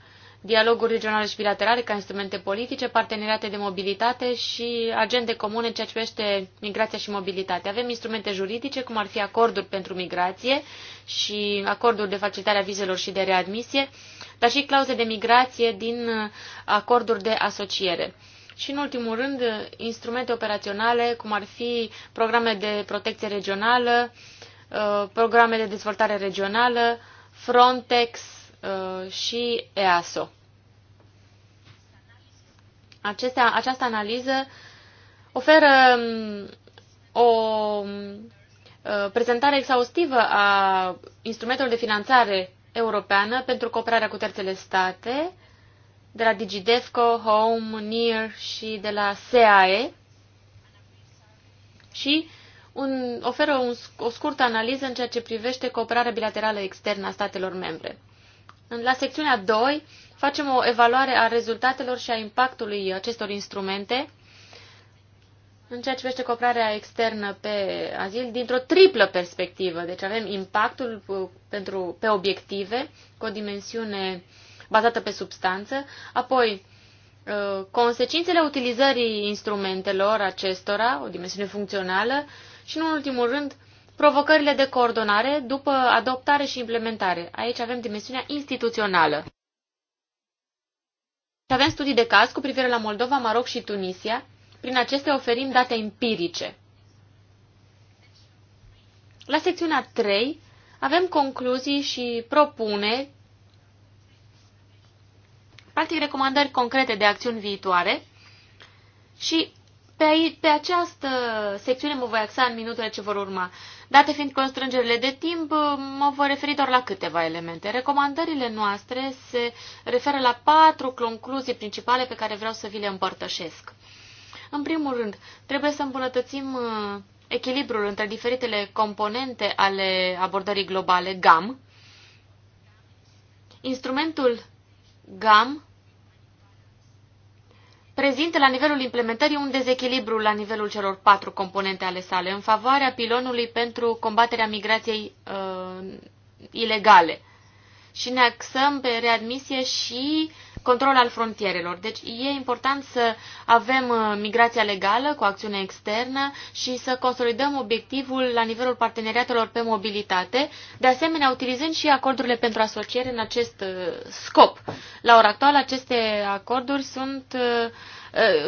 dialoguri regionale și bilaterale ca instrumente politice, parteneriate de mobilitate și agende comune în ceea ce privește migrația și mobilitate. Avem instrumente juridice, cum ar fi acorduri pentru migrație și acorduri de facilitare a vizelor și de readmisie, dar și clauze de migrație din acorduri de asociere. Și, în ultimul rând, instrumente operaționale, cum ar fi programe de protecție regională, uh, programe de dezvoltare regională, Frontex, Uh, și EASO. Acestea, această analiză oferă um, o um, uh, prezentare exhaustivă a instrumentelor de finanțare europeană pentru cooperarea cu terțele state, de la DigiDefco, Home, NIR și de la SAE și un, oferă un, o scurtă analiză în ceea ce privește cooperarea bilaterală externă a statelor membre. La secțiunea 2 facem o evaluare a rezultatelor și a impactului acestor instrumente în ceea ce privește cooperarea externă pe azil dintr-o triplă perspectivă. Deci avem impactul uh, pentru, pe obiective cu o dimensiune bazată pe substanță, apoi uh, consecințele utilizării instrumentelor acestora, o dimensiune funcțională și, în ultimul rând, provocările de coordonare după adoptare și implementare. Aici avem dimensiunea instituțională. Și avem studii de caz cu privire la Moldova, Maroc și Tunisia. Prin acestea oferim date empirice. La secțiunea 3 avem concluzii și propune, practic recomandări concrete de acțiuni viitoare și pe, aici, pe această secțiune mă voi axa în minutele ce vor urma. Date fiind constrângerile de timp, mă voi referi doar la câteva elemente. Recomandările noastre se referă la patru concluzii principale pe care vreau să vi le împărtășesc. În primul rând, trebuie să îmbunătățim uh, echilibrul între diferitele componente ale abordării globale GAM. Instrumentul GAM prezintă la nivelul implementării un dezechilibru la nivelul celor patru componente ale sale, în favoarea pilonului pentru combaterea migrației uh, ilegale. Și ne axăm pe readmisie și control al frontierelor. Deci e important să avem uh, migrația legală cu acțiune externă și să consolidăm obiectivul la nivelul parteneriatelor pe mobilitate, de asemenea utilizând și acordurile pentru asociere în acest uh, scop. La ora actuală aceste acorduri sunt uh,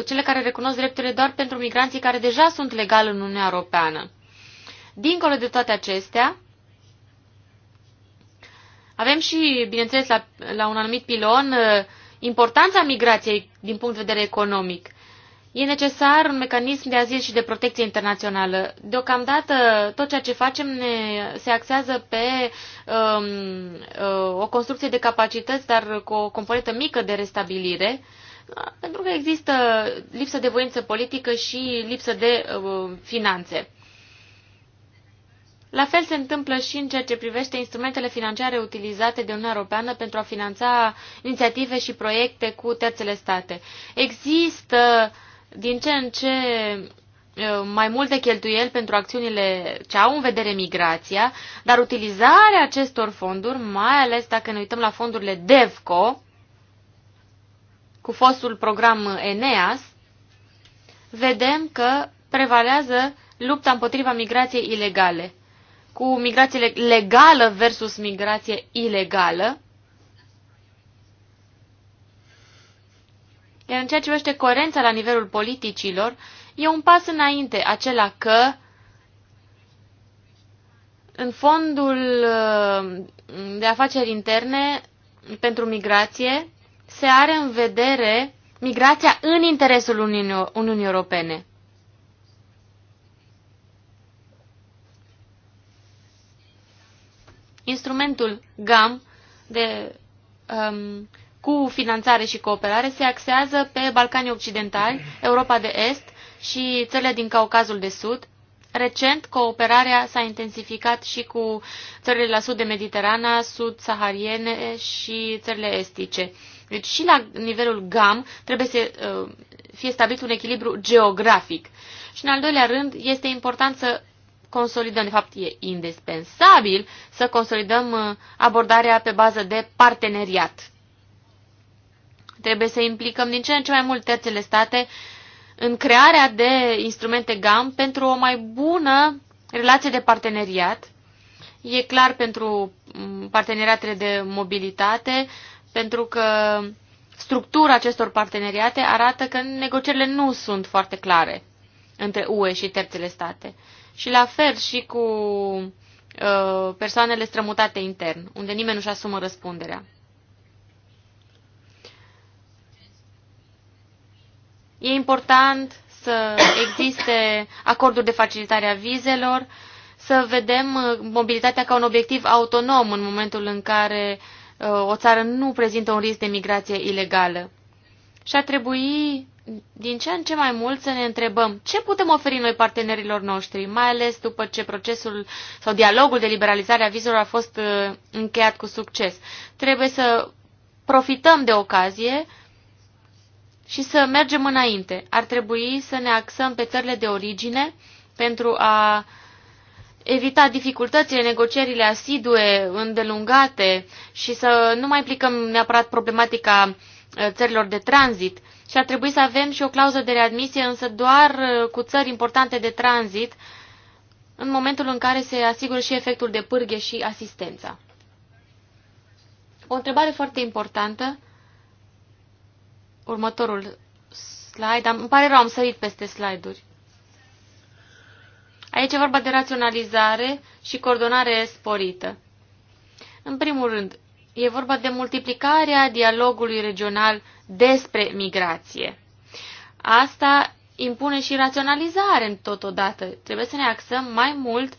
cele care recunosc drepturile doar pentru migranții care deja sunt legal în Uniunea Europeană. Dincolo de toate acestea, avem și, bineînțeles, la, la un anumit pilon importanța migrației din punct de vedere economic. E necesar un mecanism de azil și de protecție internațională. Deocamdată, tot ceea ce facem ne, se axează pe um, uh, o construcție de capacități, dar cu o componentă mică de restabilire, uh, pentru că există lipsă de voință politică și lipsă de uh, finanțe. La fel se întâmplă și în ceea ce privește instrumentele financiare utilizate de Uniunea Europeană pentru a finanța inițiative și proiecte cu terțele state. Există din ce în ce mai multe cheltuieli pentru acțiunile ce au în vedere migrația, dar utilizarea acestor fonduri, mai ales dacă ne uităm la fondurile DEVCO, cu fostul program ENEAS, vedem că prevalează lupta împotriva migrației ilegale cu migrație legală versus migrație ilegală. Iar în ceea ce privește coerența la nivelul politicilor, e un pas înainte, acela că în fondul uh, de afaceri interne pentru migrație se are în vedere migrația în interesul Uniunii Europene. Instrumentul GAM de, um, cu finanțare și cooperare se axează pe Balcanii Occidentali, Europa de Est și țările din Caucazul de Sud. Recent, cooperarea s-a intensificat și cu țările la sud de Mediterana, sud-sahariene și țările estice. Deci și la nivelul GAM trebuie să uh, fie stabilit un echilibru geografic. Și în al doilea rând, este important să consolidăm, de fapt e indispensabil să consolidăm uh, abordarea pe bază de parteneriat. Trebuie să implicăm din ce în ce mai mult terțele state în crearea de instrumente GAM pentru o mai bună relație de parteneriat. E clar pentru mm, parteneriatele de mobilitate, pentru că structura acestor parteneriate arată că negocierile nu sunt foarte clare între UE și terțele state. Și la fel și cu uh, persoanele strămutate intern, unde nimeni nu-și asumă răspunderea. E important să existe acorduri de facilitare a vizelor, să vedem uh, mobilitatea ca un obiectiv autonom în momentul în care uh, o țară nu prezintă un risc de migrație ilegală. Și ar trebui din ce în ce mai mult să ne întrebăm ce putem oferi noi partenerilor noștri, mai ales după ce procesul sau dialogul de liberalizare a vizelor a fost uh, încheiat cu succes. Trebuie să profităm de ocazie și să mergem înainte. Ar trebui să ne axăm pe țările de origine pentru a evita dificultățile, negocierile asidue, îndelungate și să nu mai implicăm neapărat problematica uh, țărilor de tranzit, și ar trebui să avem și o clauză de readmisie, însă doar uh, cu țări importante de tranzit, în momentul în care se asigură și efectul de pârghe și asistența. O întrebare foarte importantă, următorul slide, am, îmi pare rău, am sărit peste slide-uri. Aici e vorba de raționalizare și coordonare sporită. În primul rând, E vorba de multiplicarea dialogului regional despre migrație. Asta impune și raționalizare totodată. Trebuie să ne axăm mai mult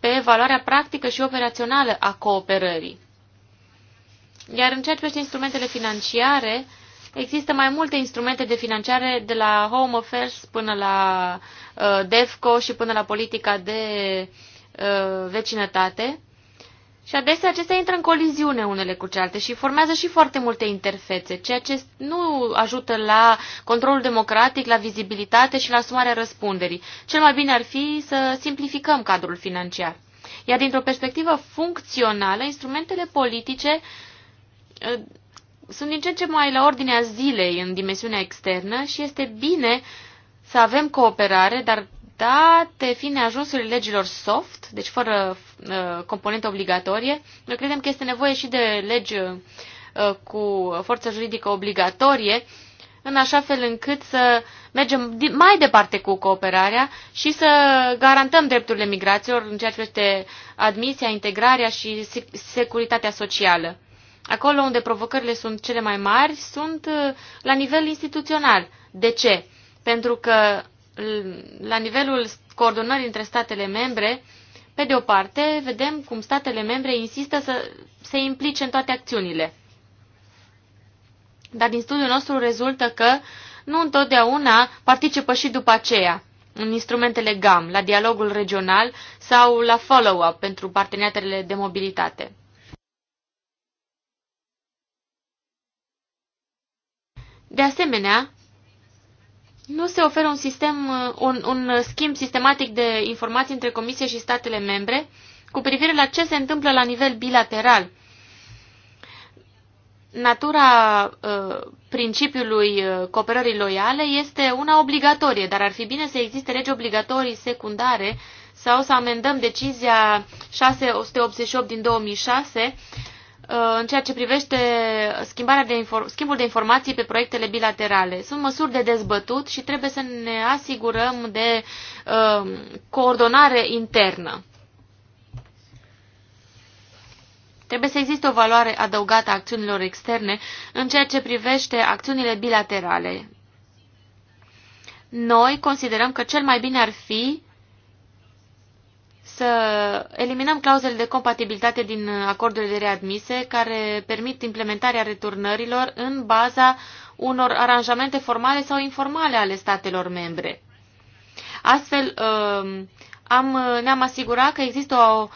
pe valoarea practică și operațională a cooperării. Iar în ceea ce privește instrumentele financiare, există mai multe instrumente de finanțare de la Home Affairs până la uh, DEFCO și până la politica de uh, vecinătate. Și adesea acestea intră în coliziune unele cu celelalte și formează și foarte multe interfețe, ceea ce nu ajută la controlul democratic, la vizibilitate și la asumarea răspunderii. Cel mai bine ar fi să simplificăm cadrul financiar. Iar dintr-o perspectivă funcțională, instrumentele politice ă, sunt din ce în ce mai la ordinea zilei în dimensiunea externă și este bine să avem cooperare, dar facultate, fiind neajunsul legilor soft, deci fără uh, componentă obligatorie, noi credem că este nevoie și de legi uh, cu forță juridică obligatorie, în așa fel încât să mergem mai departe cu cooperarea și să garantăm drepturile migraților în ceea ce privește admisia, integrarea și securitatea socială. Acolo unde provocările sunt cele mai mari sunt uh, la nivel instituțional. De ce? Pentru că la nivelul coordonării între statele membre, pe de o parte, vedem cum statele membre insistă să se implice în toate acțiunile. Dar din studiul nostru rezultă că nu întotdeauna participă și după aceea în instrumentele GAM, la dialogul regional sau la follow-up pentru parteneriatele de mobilitate. De asemenea, nu se oferă un, sistem, uh, un, un schimb sistematic de informații între Comisie și statele membre cu privire la ce se întâmplă la nivel bilateral. Natura uh, principiului uh, cooperării loiale este una obligatorie, dar ar fi bine să existe legi obligatorii secundare sau să amendăm decizia 688 din 2006 Uh, în ceea ce privește schimbarea de schimbul de informații pe proiectele bilaterale. Sunt măsuri de dezbătut și trebuie să ne asigurăm de uh, coordonare internă. Trebuie să existe o valoare adăugată a acțiunilor externe în ceea ce privește acțiunile bilaterale. Noi considerăm că cel mai bine ar fi să eliminăm clauzele de compatibilitate din acordurile de readmise care permit implementarea returnărilor în baza unor aranjamente formale sau informale ale statelor membre. Astfel, ă, am, ne-am asigurat că există o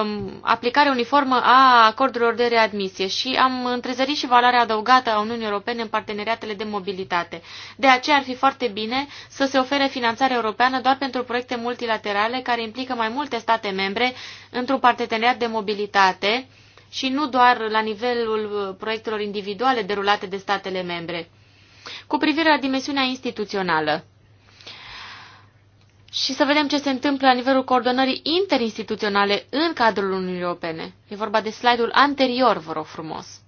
um, aplicare uniformă a acordurilor de readmisie și am întrezărit și valoarea adăugată a Uniunii Europene în parteneriatele de mobilitate. De aceea ar fi foarte bine să se ofere finanțare europeană doar pentru proiecte multilaterale care implică mai multe state membre într-un parteneriat de mobilitate și nu doar la nivelul proiectelor individuale derulate de statele membre. Cu privire la dimensiunea instituțională, și să vedem ce se întâmplă la nivelul coordonării interinstituționale în cadrul Uniunii Europene. E vorba de slide-ul anterior, vă rog frumos.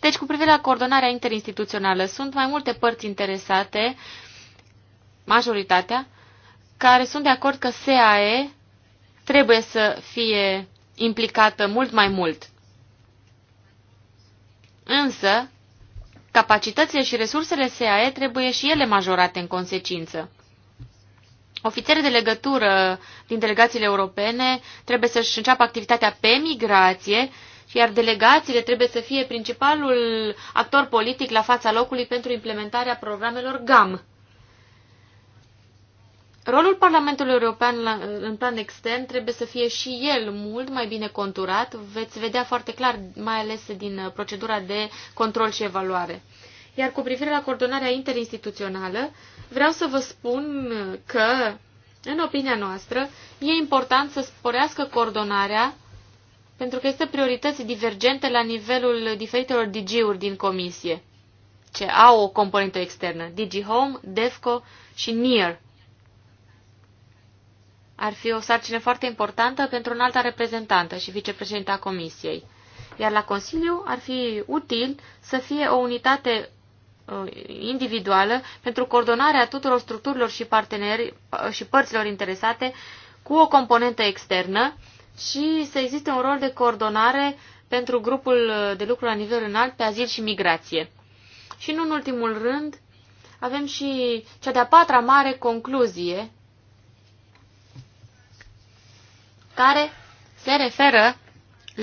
Deci, cu privire la coordonarea interinstituțională, sunt mai multe părți interesate, majoritatea, care sunt de acord că SAE trebuie să fie implicată mult mai mult Însă, capacitățile și resursele SAE trebuie și ele majorate în consecință. Ofițerii de legătură din delegațiile europene trebuie să-și înceapă activitatea pe migrație, iar delegațiile trebuie să fie principalul actor politic la fața locului pentru implementarea programelor GAM. Rolul Parlamentului European la, în plan extern trebuie să fie și el mult mai bine conturat, veți vedea foarte clar, mai ales din procedura de control și evaluare. Iar cu privire la coordonarea interinstituțională, vreau să vă spun că, în opinia noastră, e important să sporească coordonarea pentru că este priorități divergente la nivelul diferitelor DG-uri din comisie, ce au o componentă externă, DG Home, DEFCO și NIR ar fi o sarcină foarte importantă pentru un alta reprezentantă și vicepreședinta Comisiei. Iar la Consiliu ar fi util să fie o unitate uh, individuală pentru coordonarea tuturor structurilor și, parteneri, uh, și părților interesate cu o componentă externă și să existe un rol de coordonare pentru grupul de lucru la nivel înalt pe azil și migrație. Și nu în ultimul rând, avem și cea de-a patra mare concluzie care se referă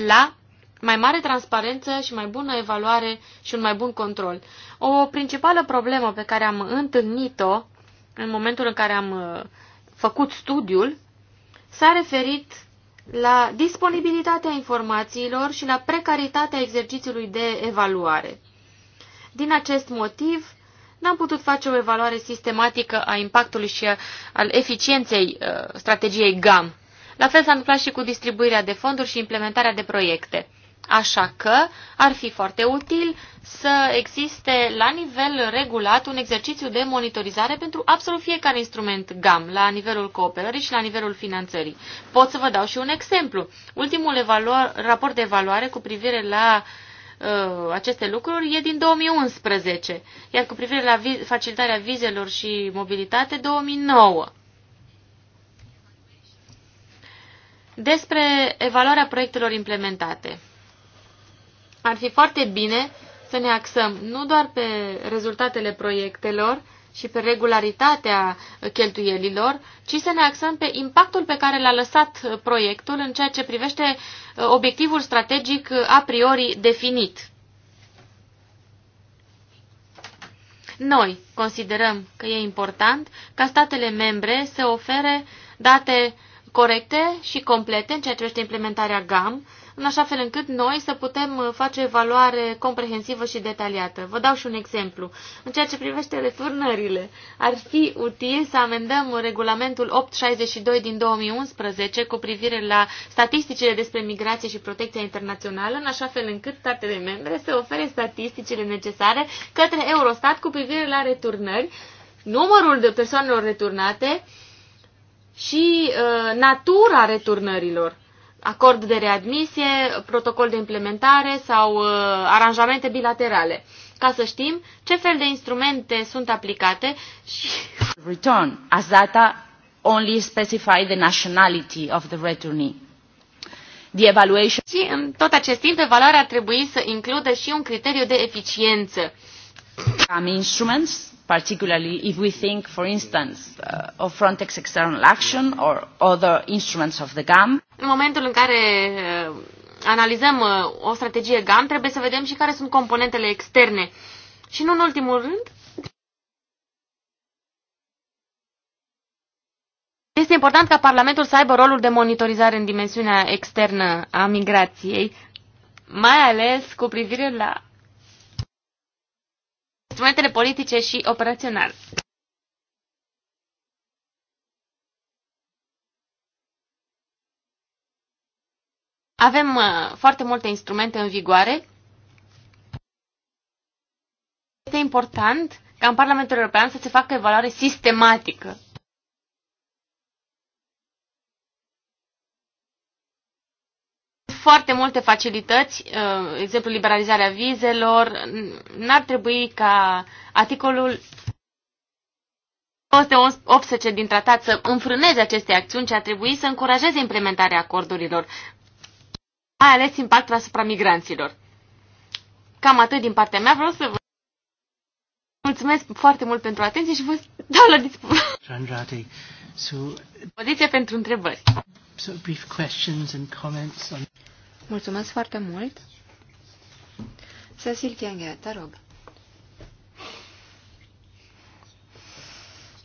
la mai mare transparență și mai bună evaluare și un mai bun control. O principală problemă pe care am întâlnit-o în momentul în care am uh, făcut studiul s-a referit la disponibilitatea informațiilor și la precaritatea exercițiului de evaluare. Din acest motiv, n-am putut face o evaluare sistematică a impactului și al eficienței uh, strategiei GAM la fel s-a întâmplat și cu distribuirea de fonduri și implementarea de proiecte. Așa că ar fi foarte util să existe la nivel regulat un exercițiu de monitorizare pentru absolut fiecare instrument GAM, la nivelul cooperării și la nivelul finanțării. Pot să vă dau și un exemplu. Ultimul evaluar, raport de evaluare cu privire la uh, aceste lucruri e din 2011, iar cu privire la vi facilitarea vizelor și mobilitate 2009. despre evaluarea proiectelor implementate. Ar fi foarte bine să ne axăm nu doar pe rezultatele proiectelor și pe regularitatea cheltuielilor, ci să ne axăm pe impactul pe care l-a lăsat proiectul în ceea ce privește uh, obiectivul strategic a priori definit. Noi considerăm că e important ca statele membre să ofere date corecte și complete în ceea ce privește implementarea GAM, în așa fel încât noi să putem uh, face evaluare comprehensivă și detaliată. Vă dau și un exemplu. În ceea ce privește returnările, ar fi util să amendăm regulamentul 862 din 2011 cu privire la statisticile despre migrație și protecția internațională, în așa fel încât statele membre să ofere statisticile necesare către Eurostat cu privire la returnări, numărul de persoanelor returnate, și uh, natura returnărilor. Acord de readmisie, protocol de implementare sau uh, aranjamente bilaterale. Ca să știm ce fel de instrumente sunt aplicate și... Return, as data only specify the nationality of the returnee. The evaluation... Și în tot acest timp, evaluarea trebuie să includă și un criteriu de eficiență. Some instruments particularly if we think, for instance, uh, of Frontex external action or other instruments of the GAM. În momentul în care uh, analizăm uh, o strategie GAM, trebuie să vedem și care sunt componentele externe. Și nu în ultimul rând, este important ca Parlamentul să aibă rolul de monitorizare în dimensiunea externă a migrației, mai ales cu privire la instrumentele politice și operaționale. Avem uh, foarte multe instrumente în vigoare. Este important ca în Parlamentul European să se facă evaluare sistematică foarte multe facilități, uh, exemplu liberalizarea vizelor, n-ar trebui ca articolul 118 din tratat să înfrâneze aceste acțiuni, ci ar trebui să încurajeze implementarea acordurilor, mai ales impactul asupra migranților. Cam atât din partea mea. Vreau să vă mulțumesc foarte mult pentru atenție și vă dau la dispoziție so... pentru întrebări sort of brief questions and comments on... Mulțumesc foarte mult. Cecil Chianghe, te rog.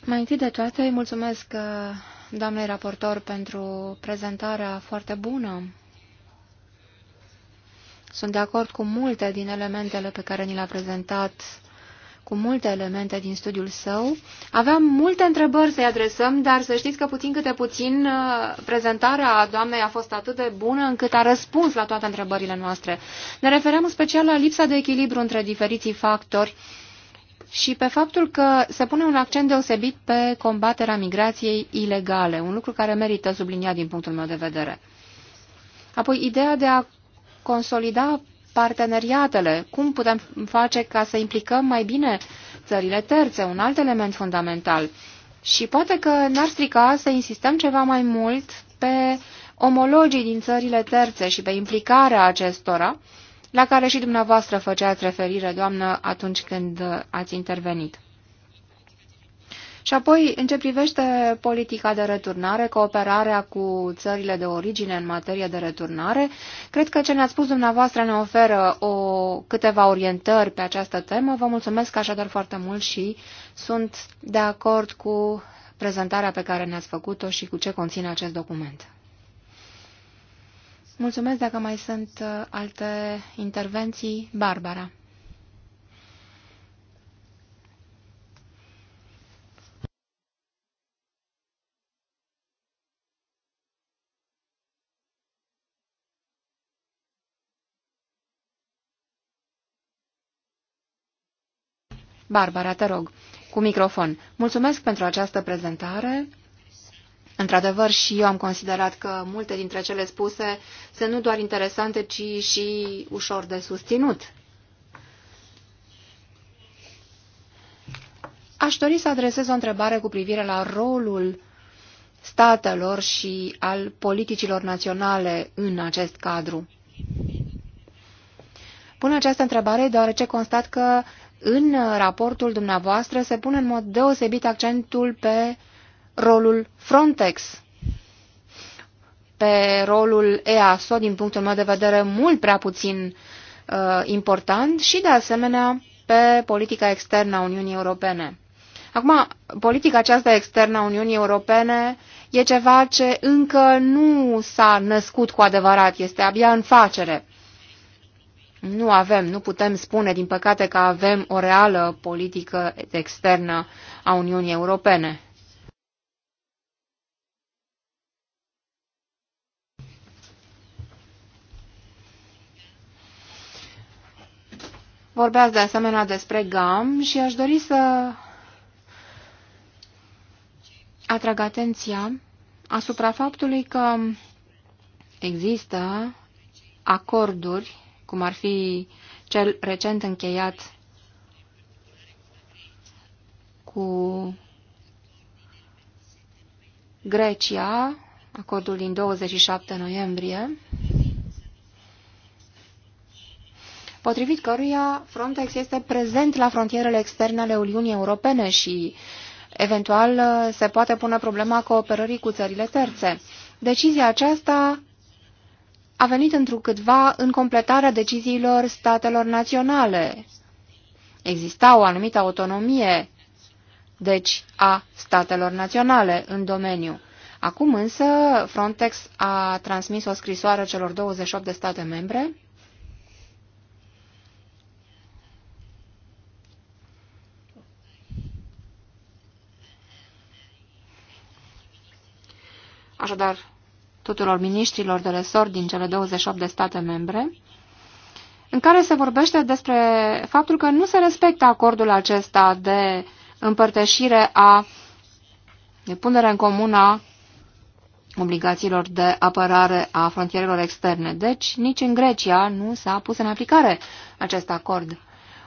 Mai întâi de toate, îi mulțumesc uh, doamnei raportor pentru prezentarea foarte bună. Sunt de acord cu multe din elementele pe care ni le-a prezentat cu multe elemente din studiul său. Aveam multe întrebări să-i adresăm, dar să știți că puțin câte puțin uh, prezentarea doamnei a fost atât de bună încât a răspuns la toate întrebările noastre. Ne referăm în special la lipsa de echilibru între diferiții factori și pe faptul că se pune un accent deosebit pe combaterea migrației ilegale, un lucru care merită subliniat din punctul meu de vedere. Apoi, ideea de a consolida parteneriatele, cum putem face ca să implicăm mai bine țările terțe, un alt element fundamental. Și poate că n-ar strica să insistăm ceva mai mult pe omologii din țările terțe și pe implicarea acestora, la care și dumneavoastră făceați referire, doamnă, atunci când ați intervenit. Și apoi, în ce privește politica de returnare, cooperarea cu țările de origine în materie de returnare, cred că ce ne a spus dumneavoastră ne oferă o, câteva orientări pe această temă. Vă mulțumesc așadar foarte mult și sunt de acord cu prezentarea pe care ne-ați făcut-o și cu ce conține acest document. Mulțumesc dacă mai sunt uh, alte intervenții. Barbara. Barbara, te rog, cu microfon. Mulțumesc pentru această prezentare. Într-adevăr, și eu am considerat că multe dintre cele spuse sunt nu doar interesante, ci și ușor de susținut. Aș dori să adresez o întrebare cu privire la rolul statelor și al politicilor naționale în acest cadru. Pun această întrebare deoarece constat că în uh, raportul dumneavoastră se pune în mod deosebit accentul pe rolul Frontex, pe rolul EASO, din punctul meu de vedere, mult prea puțin uh, important și, de asemenea, pe politica externă a Uniunii Europene. Acum, politica aceasta externă a Uniunii Europene e ceva ce încă nu s-a născut cu adevărat, este abia în facere. Nu avem, nu putem spune, din păcate, că avem o reală politică externă a Uniunii Europene. Vorbeați de asemenea despre GAM și aș dori să atrag atenția asupra faptului că există acorduri cum ar fi cel recent încheiat cu Grecia, acordul din 27 noiembrie, potrivit căruia Frontex este prezent la frontierele externe ale Uniunii Europene și eventual se poate pune problema cooperării cu țările terțe. Decizia aceasta a venit întrucâtva în completarea deciziilor statelor naționale. Exista o anumită autonomie, deci, a statelor naționale în domeniu. Acum însă Frontex a transmis o scrisoare celor 28 de state membre Așadar, tuturor miniștrilor de resort din cele 28 de state membre, în care se vorbește despre faptul că nu se respectă acordul acesta de împărtășire a de punere în comun a obligațiilor de apărare a frontierelor externe. Deci, nici în Grecia nu s-a pus în aplicare acest acord.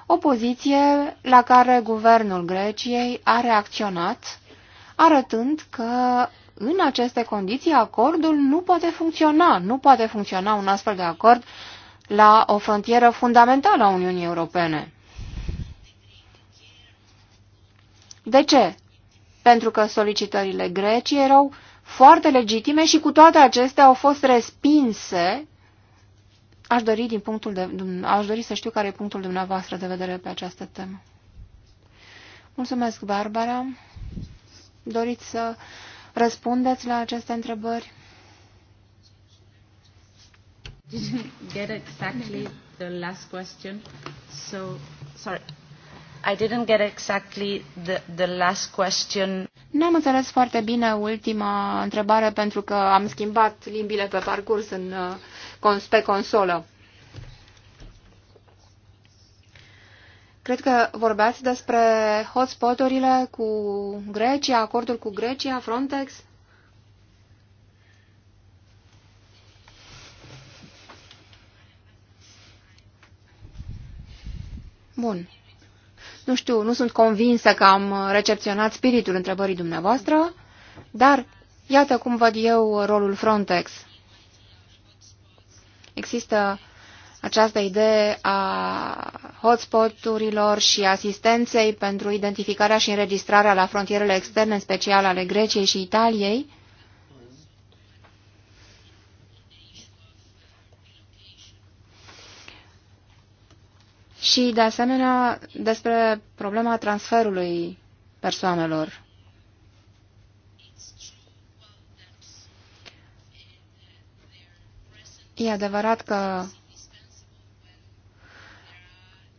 O poziție la care guvernul Greciei a reacționat, arătând că în aceste condiții acordul nu poate funcționa. Nu poate funcționa un astfel de acord la o frontieră fundamentală a Uniunii Europene. De ce? Pentru că solicitările Greciei erau foarte legitime și cu toate acestea au fost respinse. Aș dori, din punctul de, aș dori să știu care e punctul dumneavoastră de vedere pe această temă. Mulțumesc, Barbara. Doriți să răspundeți la aceste întrebări? Didn't get exactly the last question, so sorry. I didn't get exactly the, the last question. N-am înțeles foarte bine ultima întrebare pentru că am schimbat limbile pe parcurs în, pe consolă. Cred că vorbeați despre hotspoturile cu Grecia, acordul cu Grecia, Frontex. Bun. Nu știu, nu sunt convinsă că am recepționat spiritul întrebării dumneavoastră, dar iată cum văd eu rolul Frontex. Există această idee a hotspoturilor și asistenței pentru identificarea și înregistrarea la frontierele externe, în special ale Greciei și Italiei, și, de asemenea, despre problema transferului persoanelor. E adevărat că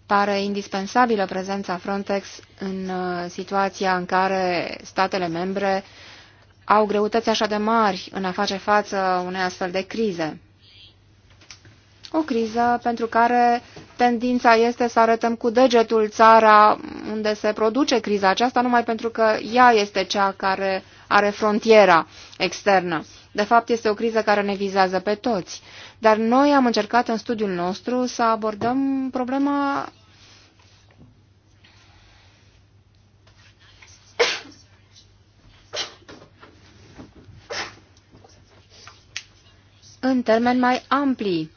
pare indispensabilă prezența Frontex în uh, situația în care statele membre au greutăți așa de mari în a face față unei astfel de crize. O criză pentru care tendința este să arătăm cu degetul țara unde se produce criza aceasta, numai pentru că ea este cea care are frontiera externă. De fapt, este o criză care ne vizează pe toți. Dar noi am încercat în studiul nostru să abordăm problema în termeni mai ampli.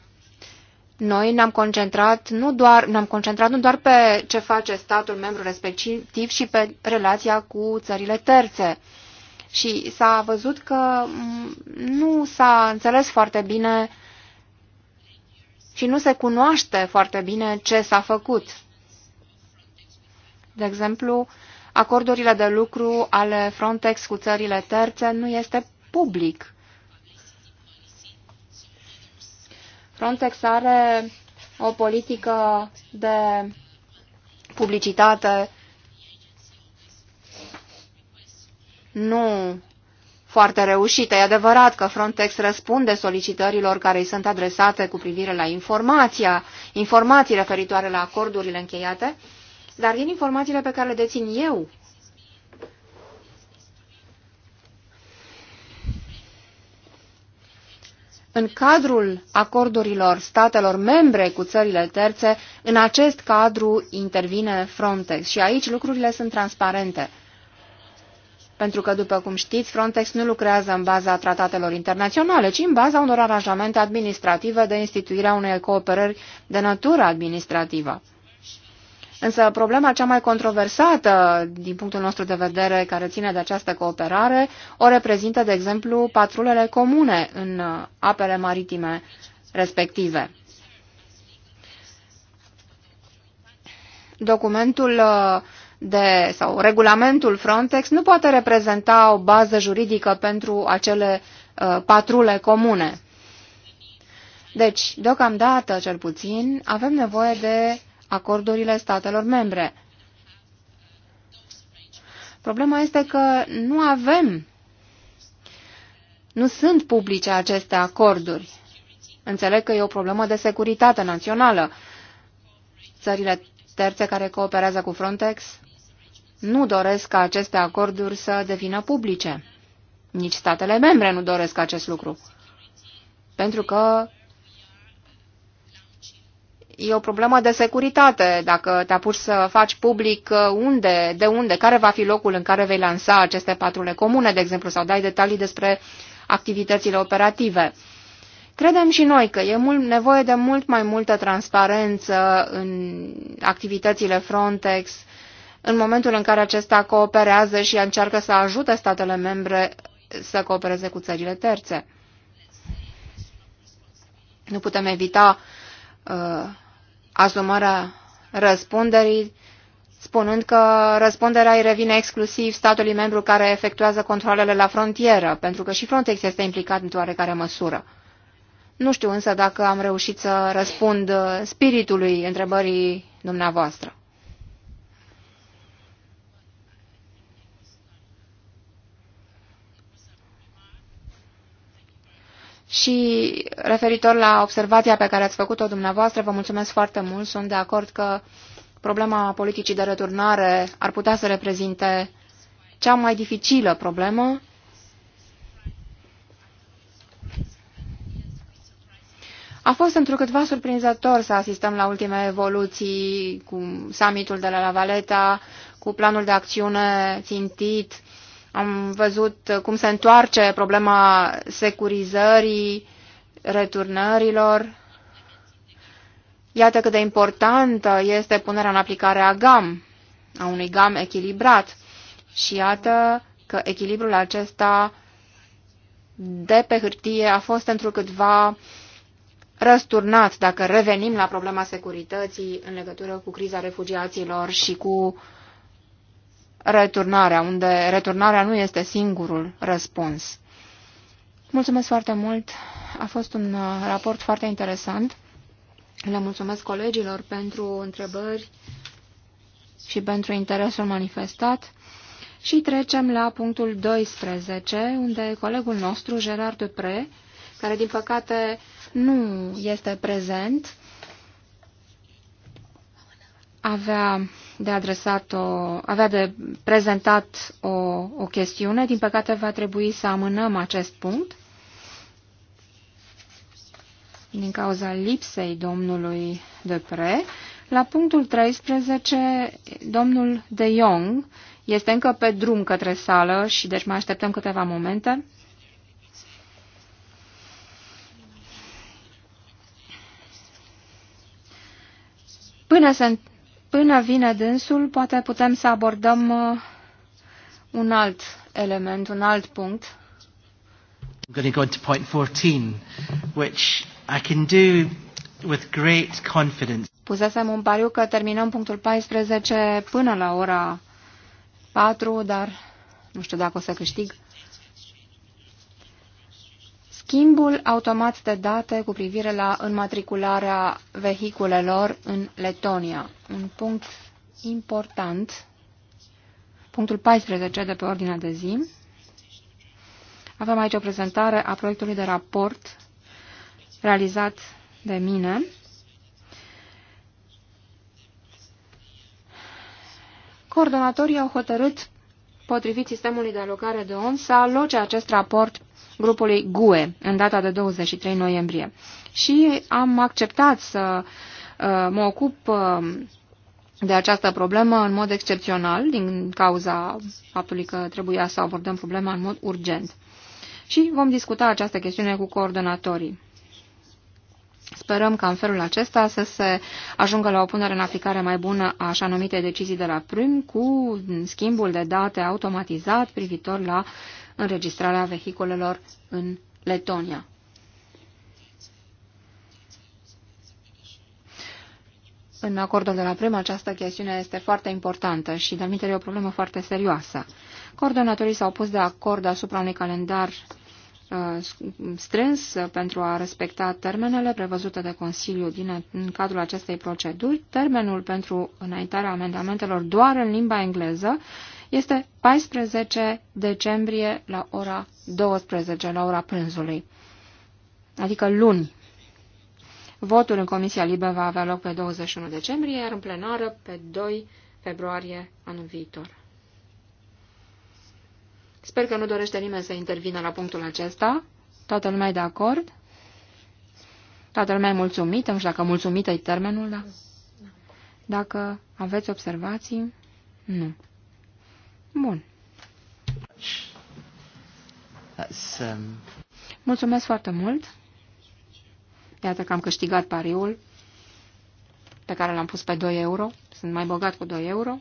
Noi ne-am concentrat, nu doar, ne-am concentrat nu doar pe ce face statul membru respectiv, ci și pe relația cu țările terțe și s-a văzut că mm, nu s-a înțeles foarte bine și nu se cunoaște foarte bine ce s-a făcut. De exemplu, acordurile de lucru ale Frontex cu țările terțe nu este public. Frontex are o politică de publicitate nu foarte reușită. E adevărat că Frontex răspunde solicitărilor care îi sunt adresate cu privire la informația, informații referitoare la acordurile încheiate, dar din informațiile pe care le dețin eu, în cadrul acordurilor statelor membre cu țările terțe, în acest cadru intervine Frontex și aici lucrurile sunt transparente pentru că, după cum știți, Frontex nu lucrează în baza tratatelor internaționale, ci în baza unor aranjamente administrative de instituirea unei cooperări de natură administrativă. Însă problema cea mai controversată din punctul nostru de vedere care ține de această cooperare o reprezintă, de exemplu, patrulele comune în apele maritime respective. Documentul uh, de, sau regulamentul Frontex nu poate reprezenta o bază juridică pentru acele uh, patrule comune. Deci, deocamdată, cel puțin, avem nevoie de acordurile statelor membre. Problema este că nu avem, nu sunt publice aceste acorduri. Înțeleg că e o problemă de securitate națională. Țările terțe care cooperează cu Frontex nu doresc ca aceste acorduri să devină publice. Nici statele membre nu doresc acest lucru. Pentru că e o problemă de securitate. Dacă te apuci să faci public uh, unde, de unde, care va fi locul în care vei lansa aceste patrule comune, de exemplu, sau dai detalii despre activitățile operative. Credem și noi că e mult, nevoie de mult mai multă transparență în activitățile Frontex, în momentul în care acesta cooperează și încearcă să ajute statele membre să coopereze cu țările terțe. Nu putem evita uh, asumarea răspunderii, spunând că răspunderea îi revine exclusiv statului membru care efectuează controlele la frontieră, pentru că și Frontex este implicat într-o oarecare măsură. Nu știu însă dacă am reușit să răspund uh, spiritului întrebării dumneavoastră. Și referitor la observația pe care ați făcut-o dumneavoastră, vă mulțumesc foarte mult. Sunt de acord că problema politicii de returnare ar putea să reprezinte cea mai dificilă problemă. A fost întrucâtva surprinzător să asistăm la ultime evoluții cu summitul de la La Valeta, cu planul de acțiune țintit, am văzut cum se întoarce problema securizării, returnărilor. Iată cât de importantă este punerea în aplicare a GAM, a unui GAM echilibrat. Și iată că echilibrul acesta de pe hârtie a fost pentru câtva răsturnat dacă revenim la problema securității în legătură cu criza refugiaților și cu returnarea, unde returnarea nu este singurul răspuns. Mulțumesc foarte mult. A fost un uh, raport foarte interesant. Le mulțumesc colegilor pentru întrebări și pentru interesul manifestat. Și trecem la punctul 12, unde colegul nostru, Gerard Dupre, care din păcate nu este prezent, avea de adresat o, avea de prezentat o, o chestiune. Din păcate va trebui să amânăm acest punct din cauza lipsei domnului Depre. La punctul 13, domnul De Jong este încă pe drum către sală și deci mai așteptăm câteva momente. Până se Până vine dânsul, poate putem să abordăm uh, un alt element, un alt punct. I'm going to go to point 14, which I can do with great confidence. Pusesem un pariu că terminăm punctul 14 până la ora 4, dar nu știu dacă o să câștig schimbul automat de date cu privire la înmatricularea vehiculelor în Letonia. Un punct important, punctul 14 de pe ordinea de zi. Avem aici o prezentare a proiectului de raport realizat de mine. Coordonatorii au hotărât, potrivit sistemului de alocare de ONSA, aloce acest raport grupului GUE în data de 23 noiembrie. Și am acceptat să uh, mă ocup uh, de această problemă în mod excepțional, din cauza faptului că trebuia să abordăm problema în mod urgent. Și vom discuta această chestiune cu coordonatorii. Sperăm ca în felul acesta să se ajungă la o punere în aplicare mai bună a așa numite decizii de la prim cu schimbul de date automatizat privitor la uh, înregistrarea vehiculelor în Letonia. În acordul de la Prima, această chestiune este foarte importantă și, de e o problemă foarte serioasă. Coordonatorii s-au pus de acord asupra unui calendar uh, strâns pentru a respecta termenele prevăzute de Consiliu din, în cadrul acestei proceduri. Termenul pentru înaintarea amendamentelor doar în limba engleză este 14 decembrie la ora 12, la ora prânzului, adică luni. Votul în Comisia Libă va avea loc pe 21 decembrie, iar în plenară pe 2 februarie anul viitor. Sper că nu dorește nimeni să intervină la punctul acesta. Toată lumea e de acord? Toată lumea e mulțumită? Nu știu dacă mulțumită e termenul, da? Dacă aveți observații, nu. Bun. Um, Mulțumesc foarte mult. Iată că am câștigat pariul pe care l-am pus pe 2 euro. Sunt mai bogat cu 2 euro.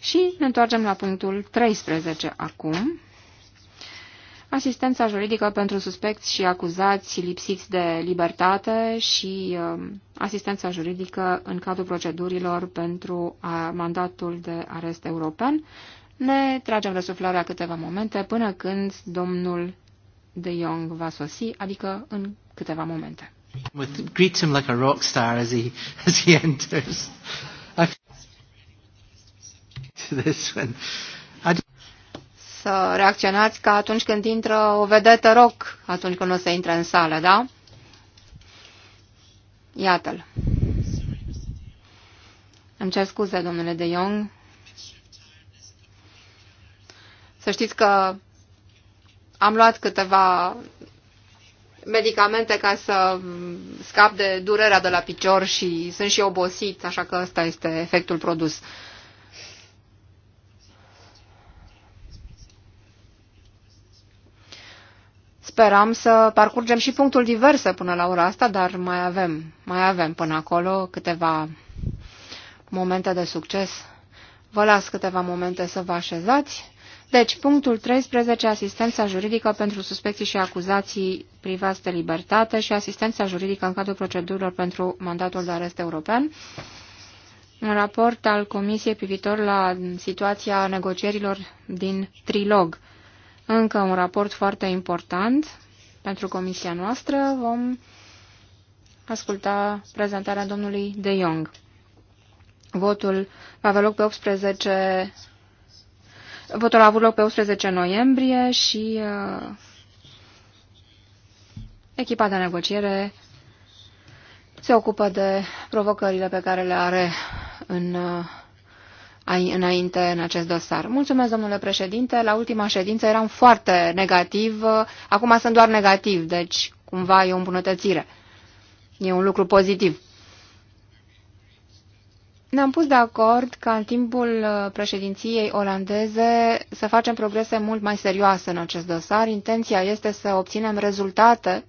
Și ne întoarcem la punctul 13 acum asistența juridică pentru suspecți și acuzați lipsiți de libertate și um, asistența juridică în cadrul procedurilor pentru mandatul de arest european. Ne tragem de suflarea câteva momente până când domnul de Jong va sosi, adică în câteva momente. him like a rock star as he, as he enters. I this one. I să reacționați ca atunci când intră o vedetă rock, atunci când o să intre în sală, da? Iată-l. Îmi cer scuze, domnule de Jong. Să știți că am luat câteva medicamente ca să scap de durerea de la picior și sunt și obosit, așa că ăsta este efectul produs. Speram să parcurgem și punctul diverse până la ora asta, dar mai avem, mai avem până acolo câteva momente de succes. Vă las câteva momente să vă așezați. Deci, punctul 13, asistența juridică pentru suspecții și acuzații privați de libertate și asistența juridică în cadrul procedurilor pentru mandatul de arest european. Un raport al Comisiei privitor la situația negocierilor din trilog. Încă un raport foarte important pentru comisia noastră. Vom asculta prezentarea domnului De Jong. Votul va avea loc pe 18 Votul a avut loc pe 18 noiembrie și uh, echipa de negociere se ocupă de provocările pe care le are în uh, înainte în acest dosar. Mulțumesc, domnule președinte. La ultima ședință eram foarte negativ. Acum sunt doar negativ, deci cumva e o îmbunătățire. E un lucru pozitiv. Ne-am pus de acord ca în timpul uh, președinției olandeze să facem progrese mult mai serioase în acest dosar. Intenția este să obținem rezultate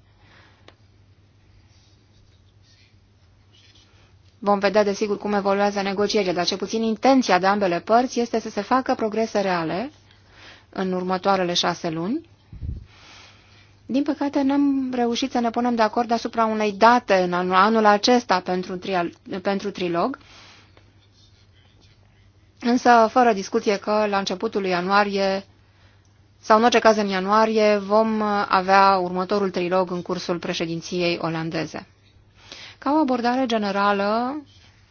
Vom vedea, desigur, cum evoluează negocierile, dar ce puțin intenția de ambele părți este să se facă progrese reale în următoarele șase luni. Din păcate, n-am reușit să ne punem de acord asupra unei date în anul, anul acesta pentru, trial, pentru trilog, însă fără discuție că la începutul lui ianuarie, sau în orice caz în ianuarie, vom avea următorul trilog în cursul președinției olandeze. Ca o abordare generală,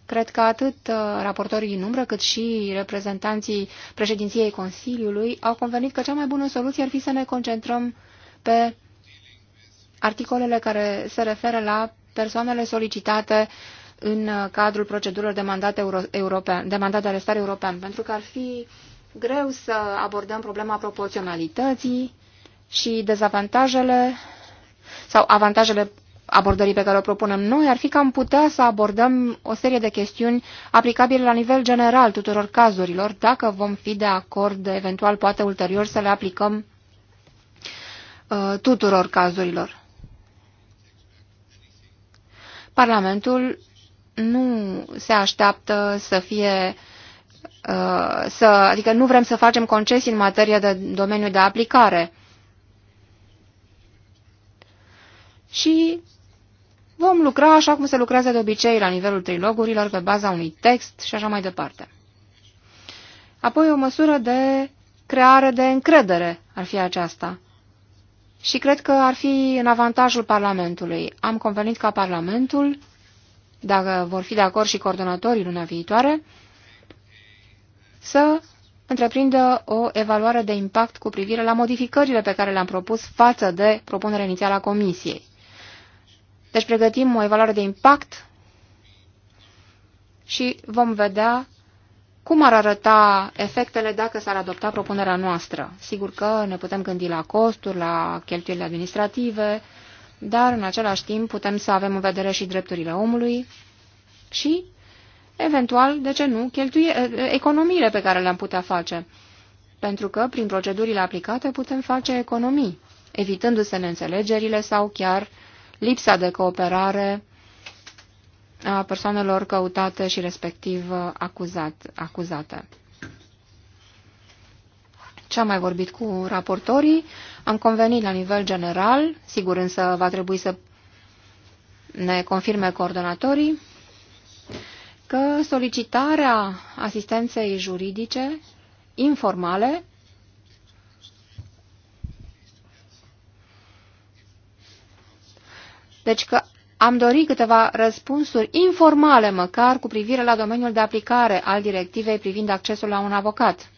cred că atât uh, raportorii în umbră, cât și reprezentanții președinției Consiliului au convenit că cea mai bună soluție ar fi să ne concentrăm pe articolele care se referă la persoanele solicitate în uh, cadrul procedurilor de mandat, euro european, de mandat de arestare european, pentru că ar fi greu să abordăm problema proporționalității și dezavantajele sau avantajele abordării pe care o propunem noi ar fi că am putea să abordăm o serie de chestiuni aplicabile la nivel general tuturor cazurilor, dacă vom fi de acord, eventual poate ulterior să le aplicăm uh, tuturor cazurilor. Parlamentul nu se așteaptă să fie uh, să, adică nu vrem să facem concesii în materie de domeniu de aplicare. Și Vom lucra așa cum se lucrează de obicei la nivelul trilogurilor, pe baza unui text și așa mai departe. Apoi o măsură de creare de încredere ar fi aceasta. Și cred că ar fi în avantajul Parlamentului. Am convenit ca Parlamentul, dacă vor fi de acord și coordonatorii luna viitoare, să întreprindă o evaluare de impact cu privire la modificările pe care le-am propus față de propunerea inițială a Comisiei. Deci pregătim o evaluare de impact și vom vedea cum ar arăta efectele dacă s-ar adopta propunerea noastră. Sigur că ne putem gândi la costuri, la cheltuielile administrative, dar în același timp putem să avem în vedere și drepturile omului și, eventual, de ce nu, cheltuie, economiile pe care le-am putea face. Pentru că, prin procedurile aplicate, putem face economii, evitându-se neînțelegerile sau chiar lipsa de cooperare a persoanelor căutate și respectiv uh, acuzat, acuzate. Ce am mai vorbit cu raportorii? Am convenit la nivel general, sigur însă va trebui să ne confirme coordonatorii, că solicitarea asistenței juridice informale Deci că am dorit câteva răspunsuri informale măcar cu privire la domeniul de aplicare al directivei privind accesul la un avocat.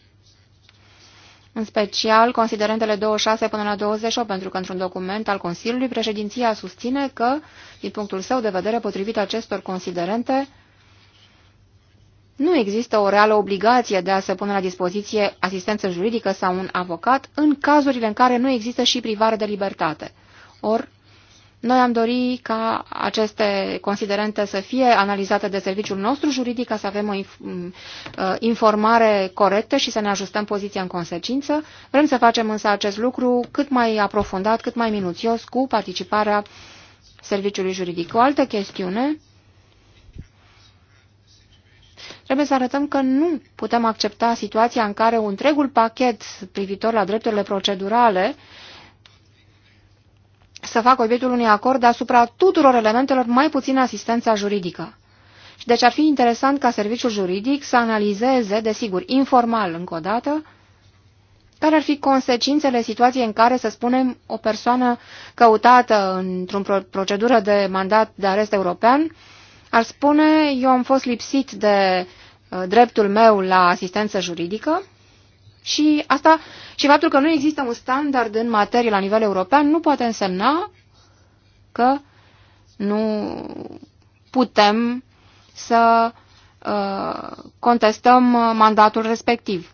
În special, considerentele 26 până la 28, pentru că într-un document al Consiliului, președinția susține că, din punctul său de vedere, potrivit acestor considerente, nu există o reală obligație de a se pune la dispoziție asistență juridică sau un avocat în cazurile în care nu există și privare de libertate. Or, noi am dori ca aceste considerente să fie analizate de serviciul nostru juridic, ca să avem o uh, informare corectă și să ne ajustăm poziția în consecință. Vrem să facem însă acest lucru cât mai aprofundat, cât mai minuțios, cu participarea serviciului juridic. O altă chestiune trebuie să arătăm că nu putem accepta situația în care un întregul pachet privitor la drepturile procedurale să facă obiectul unui acord asupra tuturor elementelor, mai puțin asistența juridică. Și deci ar fi interesant ca serviciul juridic să analizeze, desigur, informal încă o dată, care ar fi consecințele situației în care, să spunem, o persoană căutată într-o procedură de mandat de arest european ar spune, eu am fost lipsit de uh, dreptul meu la asistență juridică, și asta și faptul că nu există un standard în materie la nivel european nu poate însemna că nu putem să uh, contestăm mandatul respectiv.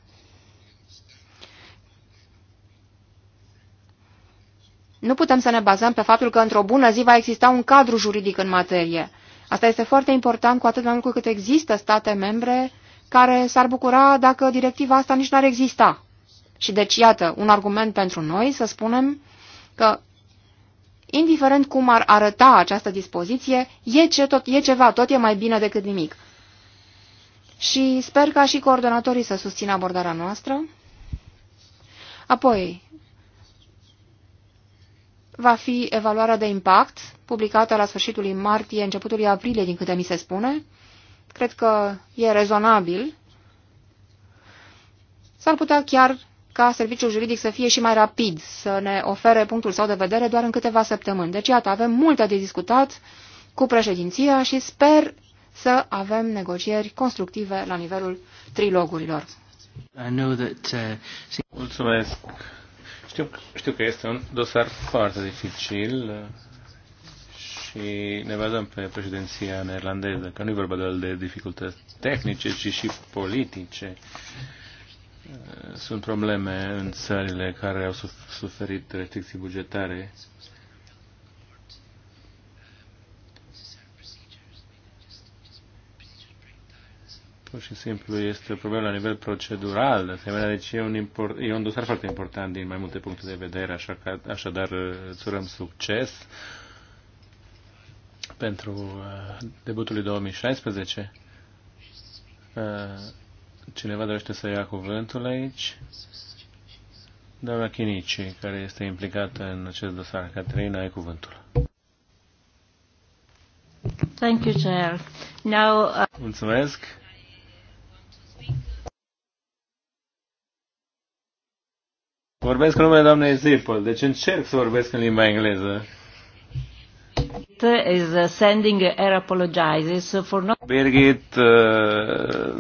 Nu putem să ne bazăm pe faptul că într-o bună zi va exista un cadru juridic în materie. Asta este foarte important, cu atât mai mult cu cât există state membre care s-ar bucura dacă directiva asta nici n-ar exista. Și deci, iată, un argument pentru noi să spunem că, indiferent cum ar arăta această dispoziție, e, ce tot, e ceva, tot e mai bine decât nimic. Și sper ca și coordonatorii să susțină abordarea noastră. Apoi, va fi evaluarea de impact, publicată la sfârșitul martie, începutul aprilie, din câte mi se spune, cred că e rezonabil, s-ar putea chiar ca serviciul juridic să fie și mai rapid, să ne ofere punctul său de vedere doar în câteva săptămâni. Deci, iată, avem multe de discutat cu președinția și sper să avem negocieri constructive la nivelul trilogurilor. I know that, uh... Mulțumesc. Știu, știu că este un dosar foarte dificil și ne bazăm pe președinția neerlandeză, că nu e vorba doar de dificultăți tehnice, ci și politice. Sunt probleme în țările care au suferit restricții bugetare pur și simplu este o problemă la nivel procedural, de asemenea, deci e un, import, e un dosar foarte important din mai multe puncte de vedere, așa că, așadar îți urăm succes pentru uh, debutul 2016. Uh, cineva dorește să ia cuvântul aici? Doamna Chinici, care este implicată în acest dosar. Caterina, ai cuvântul. Thank you, Chair. Now, uh... Mulțumesc. Vorbesc în numele doamnei Zipol, deci încerc să vorbesc în limba engleză is uh, sending her apologizes for not... Birgit, uh,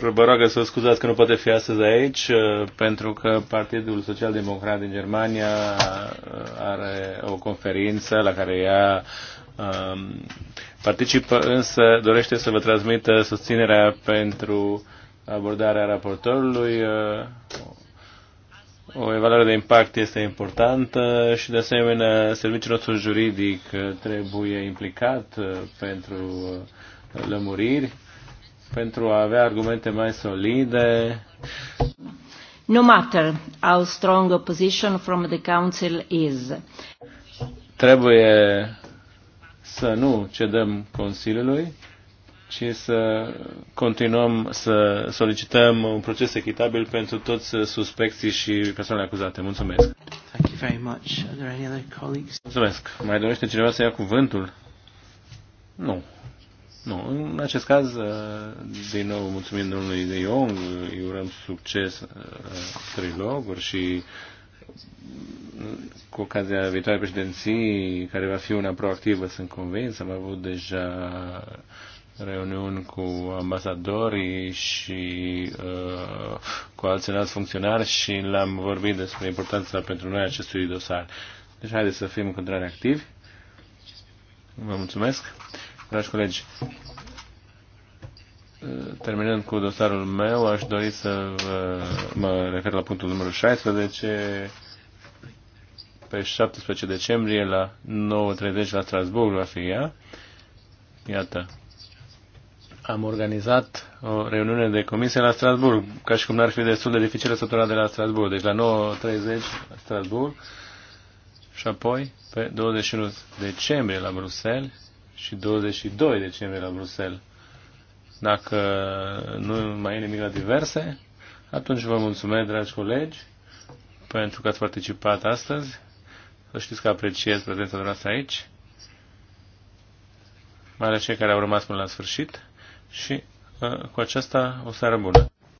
vă rog să scuzați că nu poate fi astăzi aici, uh, pentru că Partidul Social Democrat din Germania are o conferință la care ea um, participă, însă dorește să vă transmită susținerea pentru abordarea raportorului, o evaluare de impact este importantă și, de asemenea, serviciul nostru juridic trebuie implicat uh, pentru uh, lămuriri, pentru a avea argumente mai solide. No matter how strong opposition from the Council is. Trebuie să nu cedăm Consiliului și să continuăm să solicităm un proces echitabil pentru toți suspecții și persoanele acuzate. Mulțumesc! Thank you very much. Are there any other colleagues? Mulțumesc! Mai dorește cineva să ia cuvântul? Nu. Nu. În acest caz, uh, din nou, mulțumim domnului De Jong, îi urăm succes uh, triloguri și mm, cu ocazia viitoarei președinții, care va fi una proactivă, sunt convins, am avut deja reuniuni cu ambasadorii și uh, cu alți înalți funcționari și l-am vorbit despre importanța pentru noi acestui dosar. Deci haideți să fim în continuare activi. Vă mulțumesc. Dragi colegi, uh, terminând cu dosarul meu, aș dori să vă, uh, mă refer la punctul numărul 16 pe 17 decembrie la 9.30 la Strasbourg va fi ea. Iată, am organizat o reuniune de comisie la Strasburg, ca și cum n-ar fi destul de dificilă sătura de la Strasburg. Deci la 9.30 Strasburg și apoi pe 21 decembrie la Bruxelles și 22 decembrie la Bruxelles. Dacă nu mai e nimic la diverse, atunci vă mulțumesc, dragi colegi, pentru că ați participat astăzi. Să știți că apreciez prezența noastră aici, mai ales cei care au rămas până la sfârșit și uh, cu aceasta o seară bună!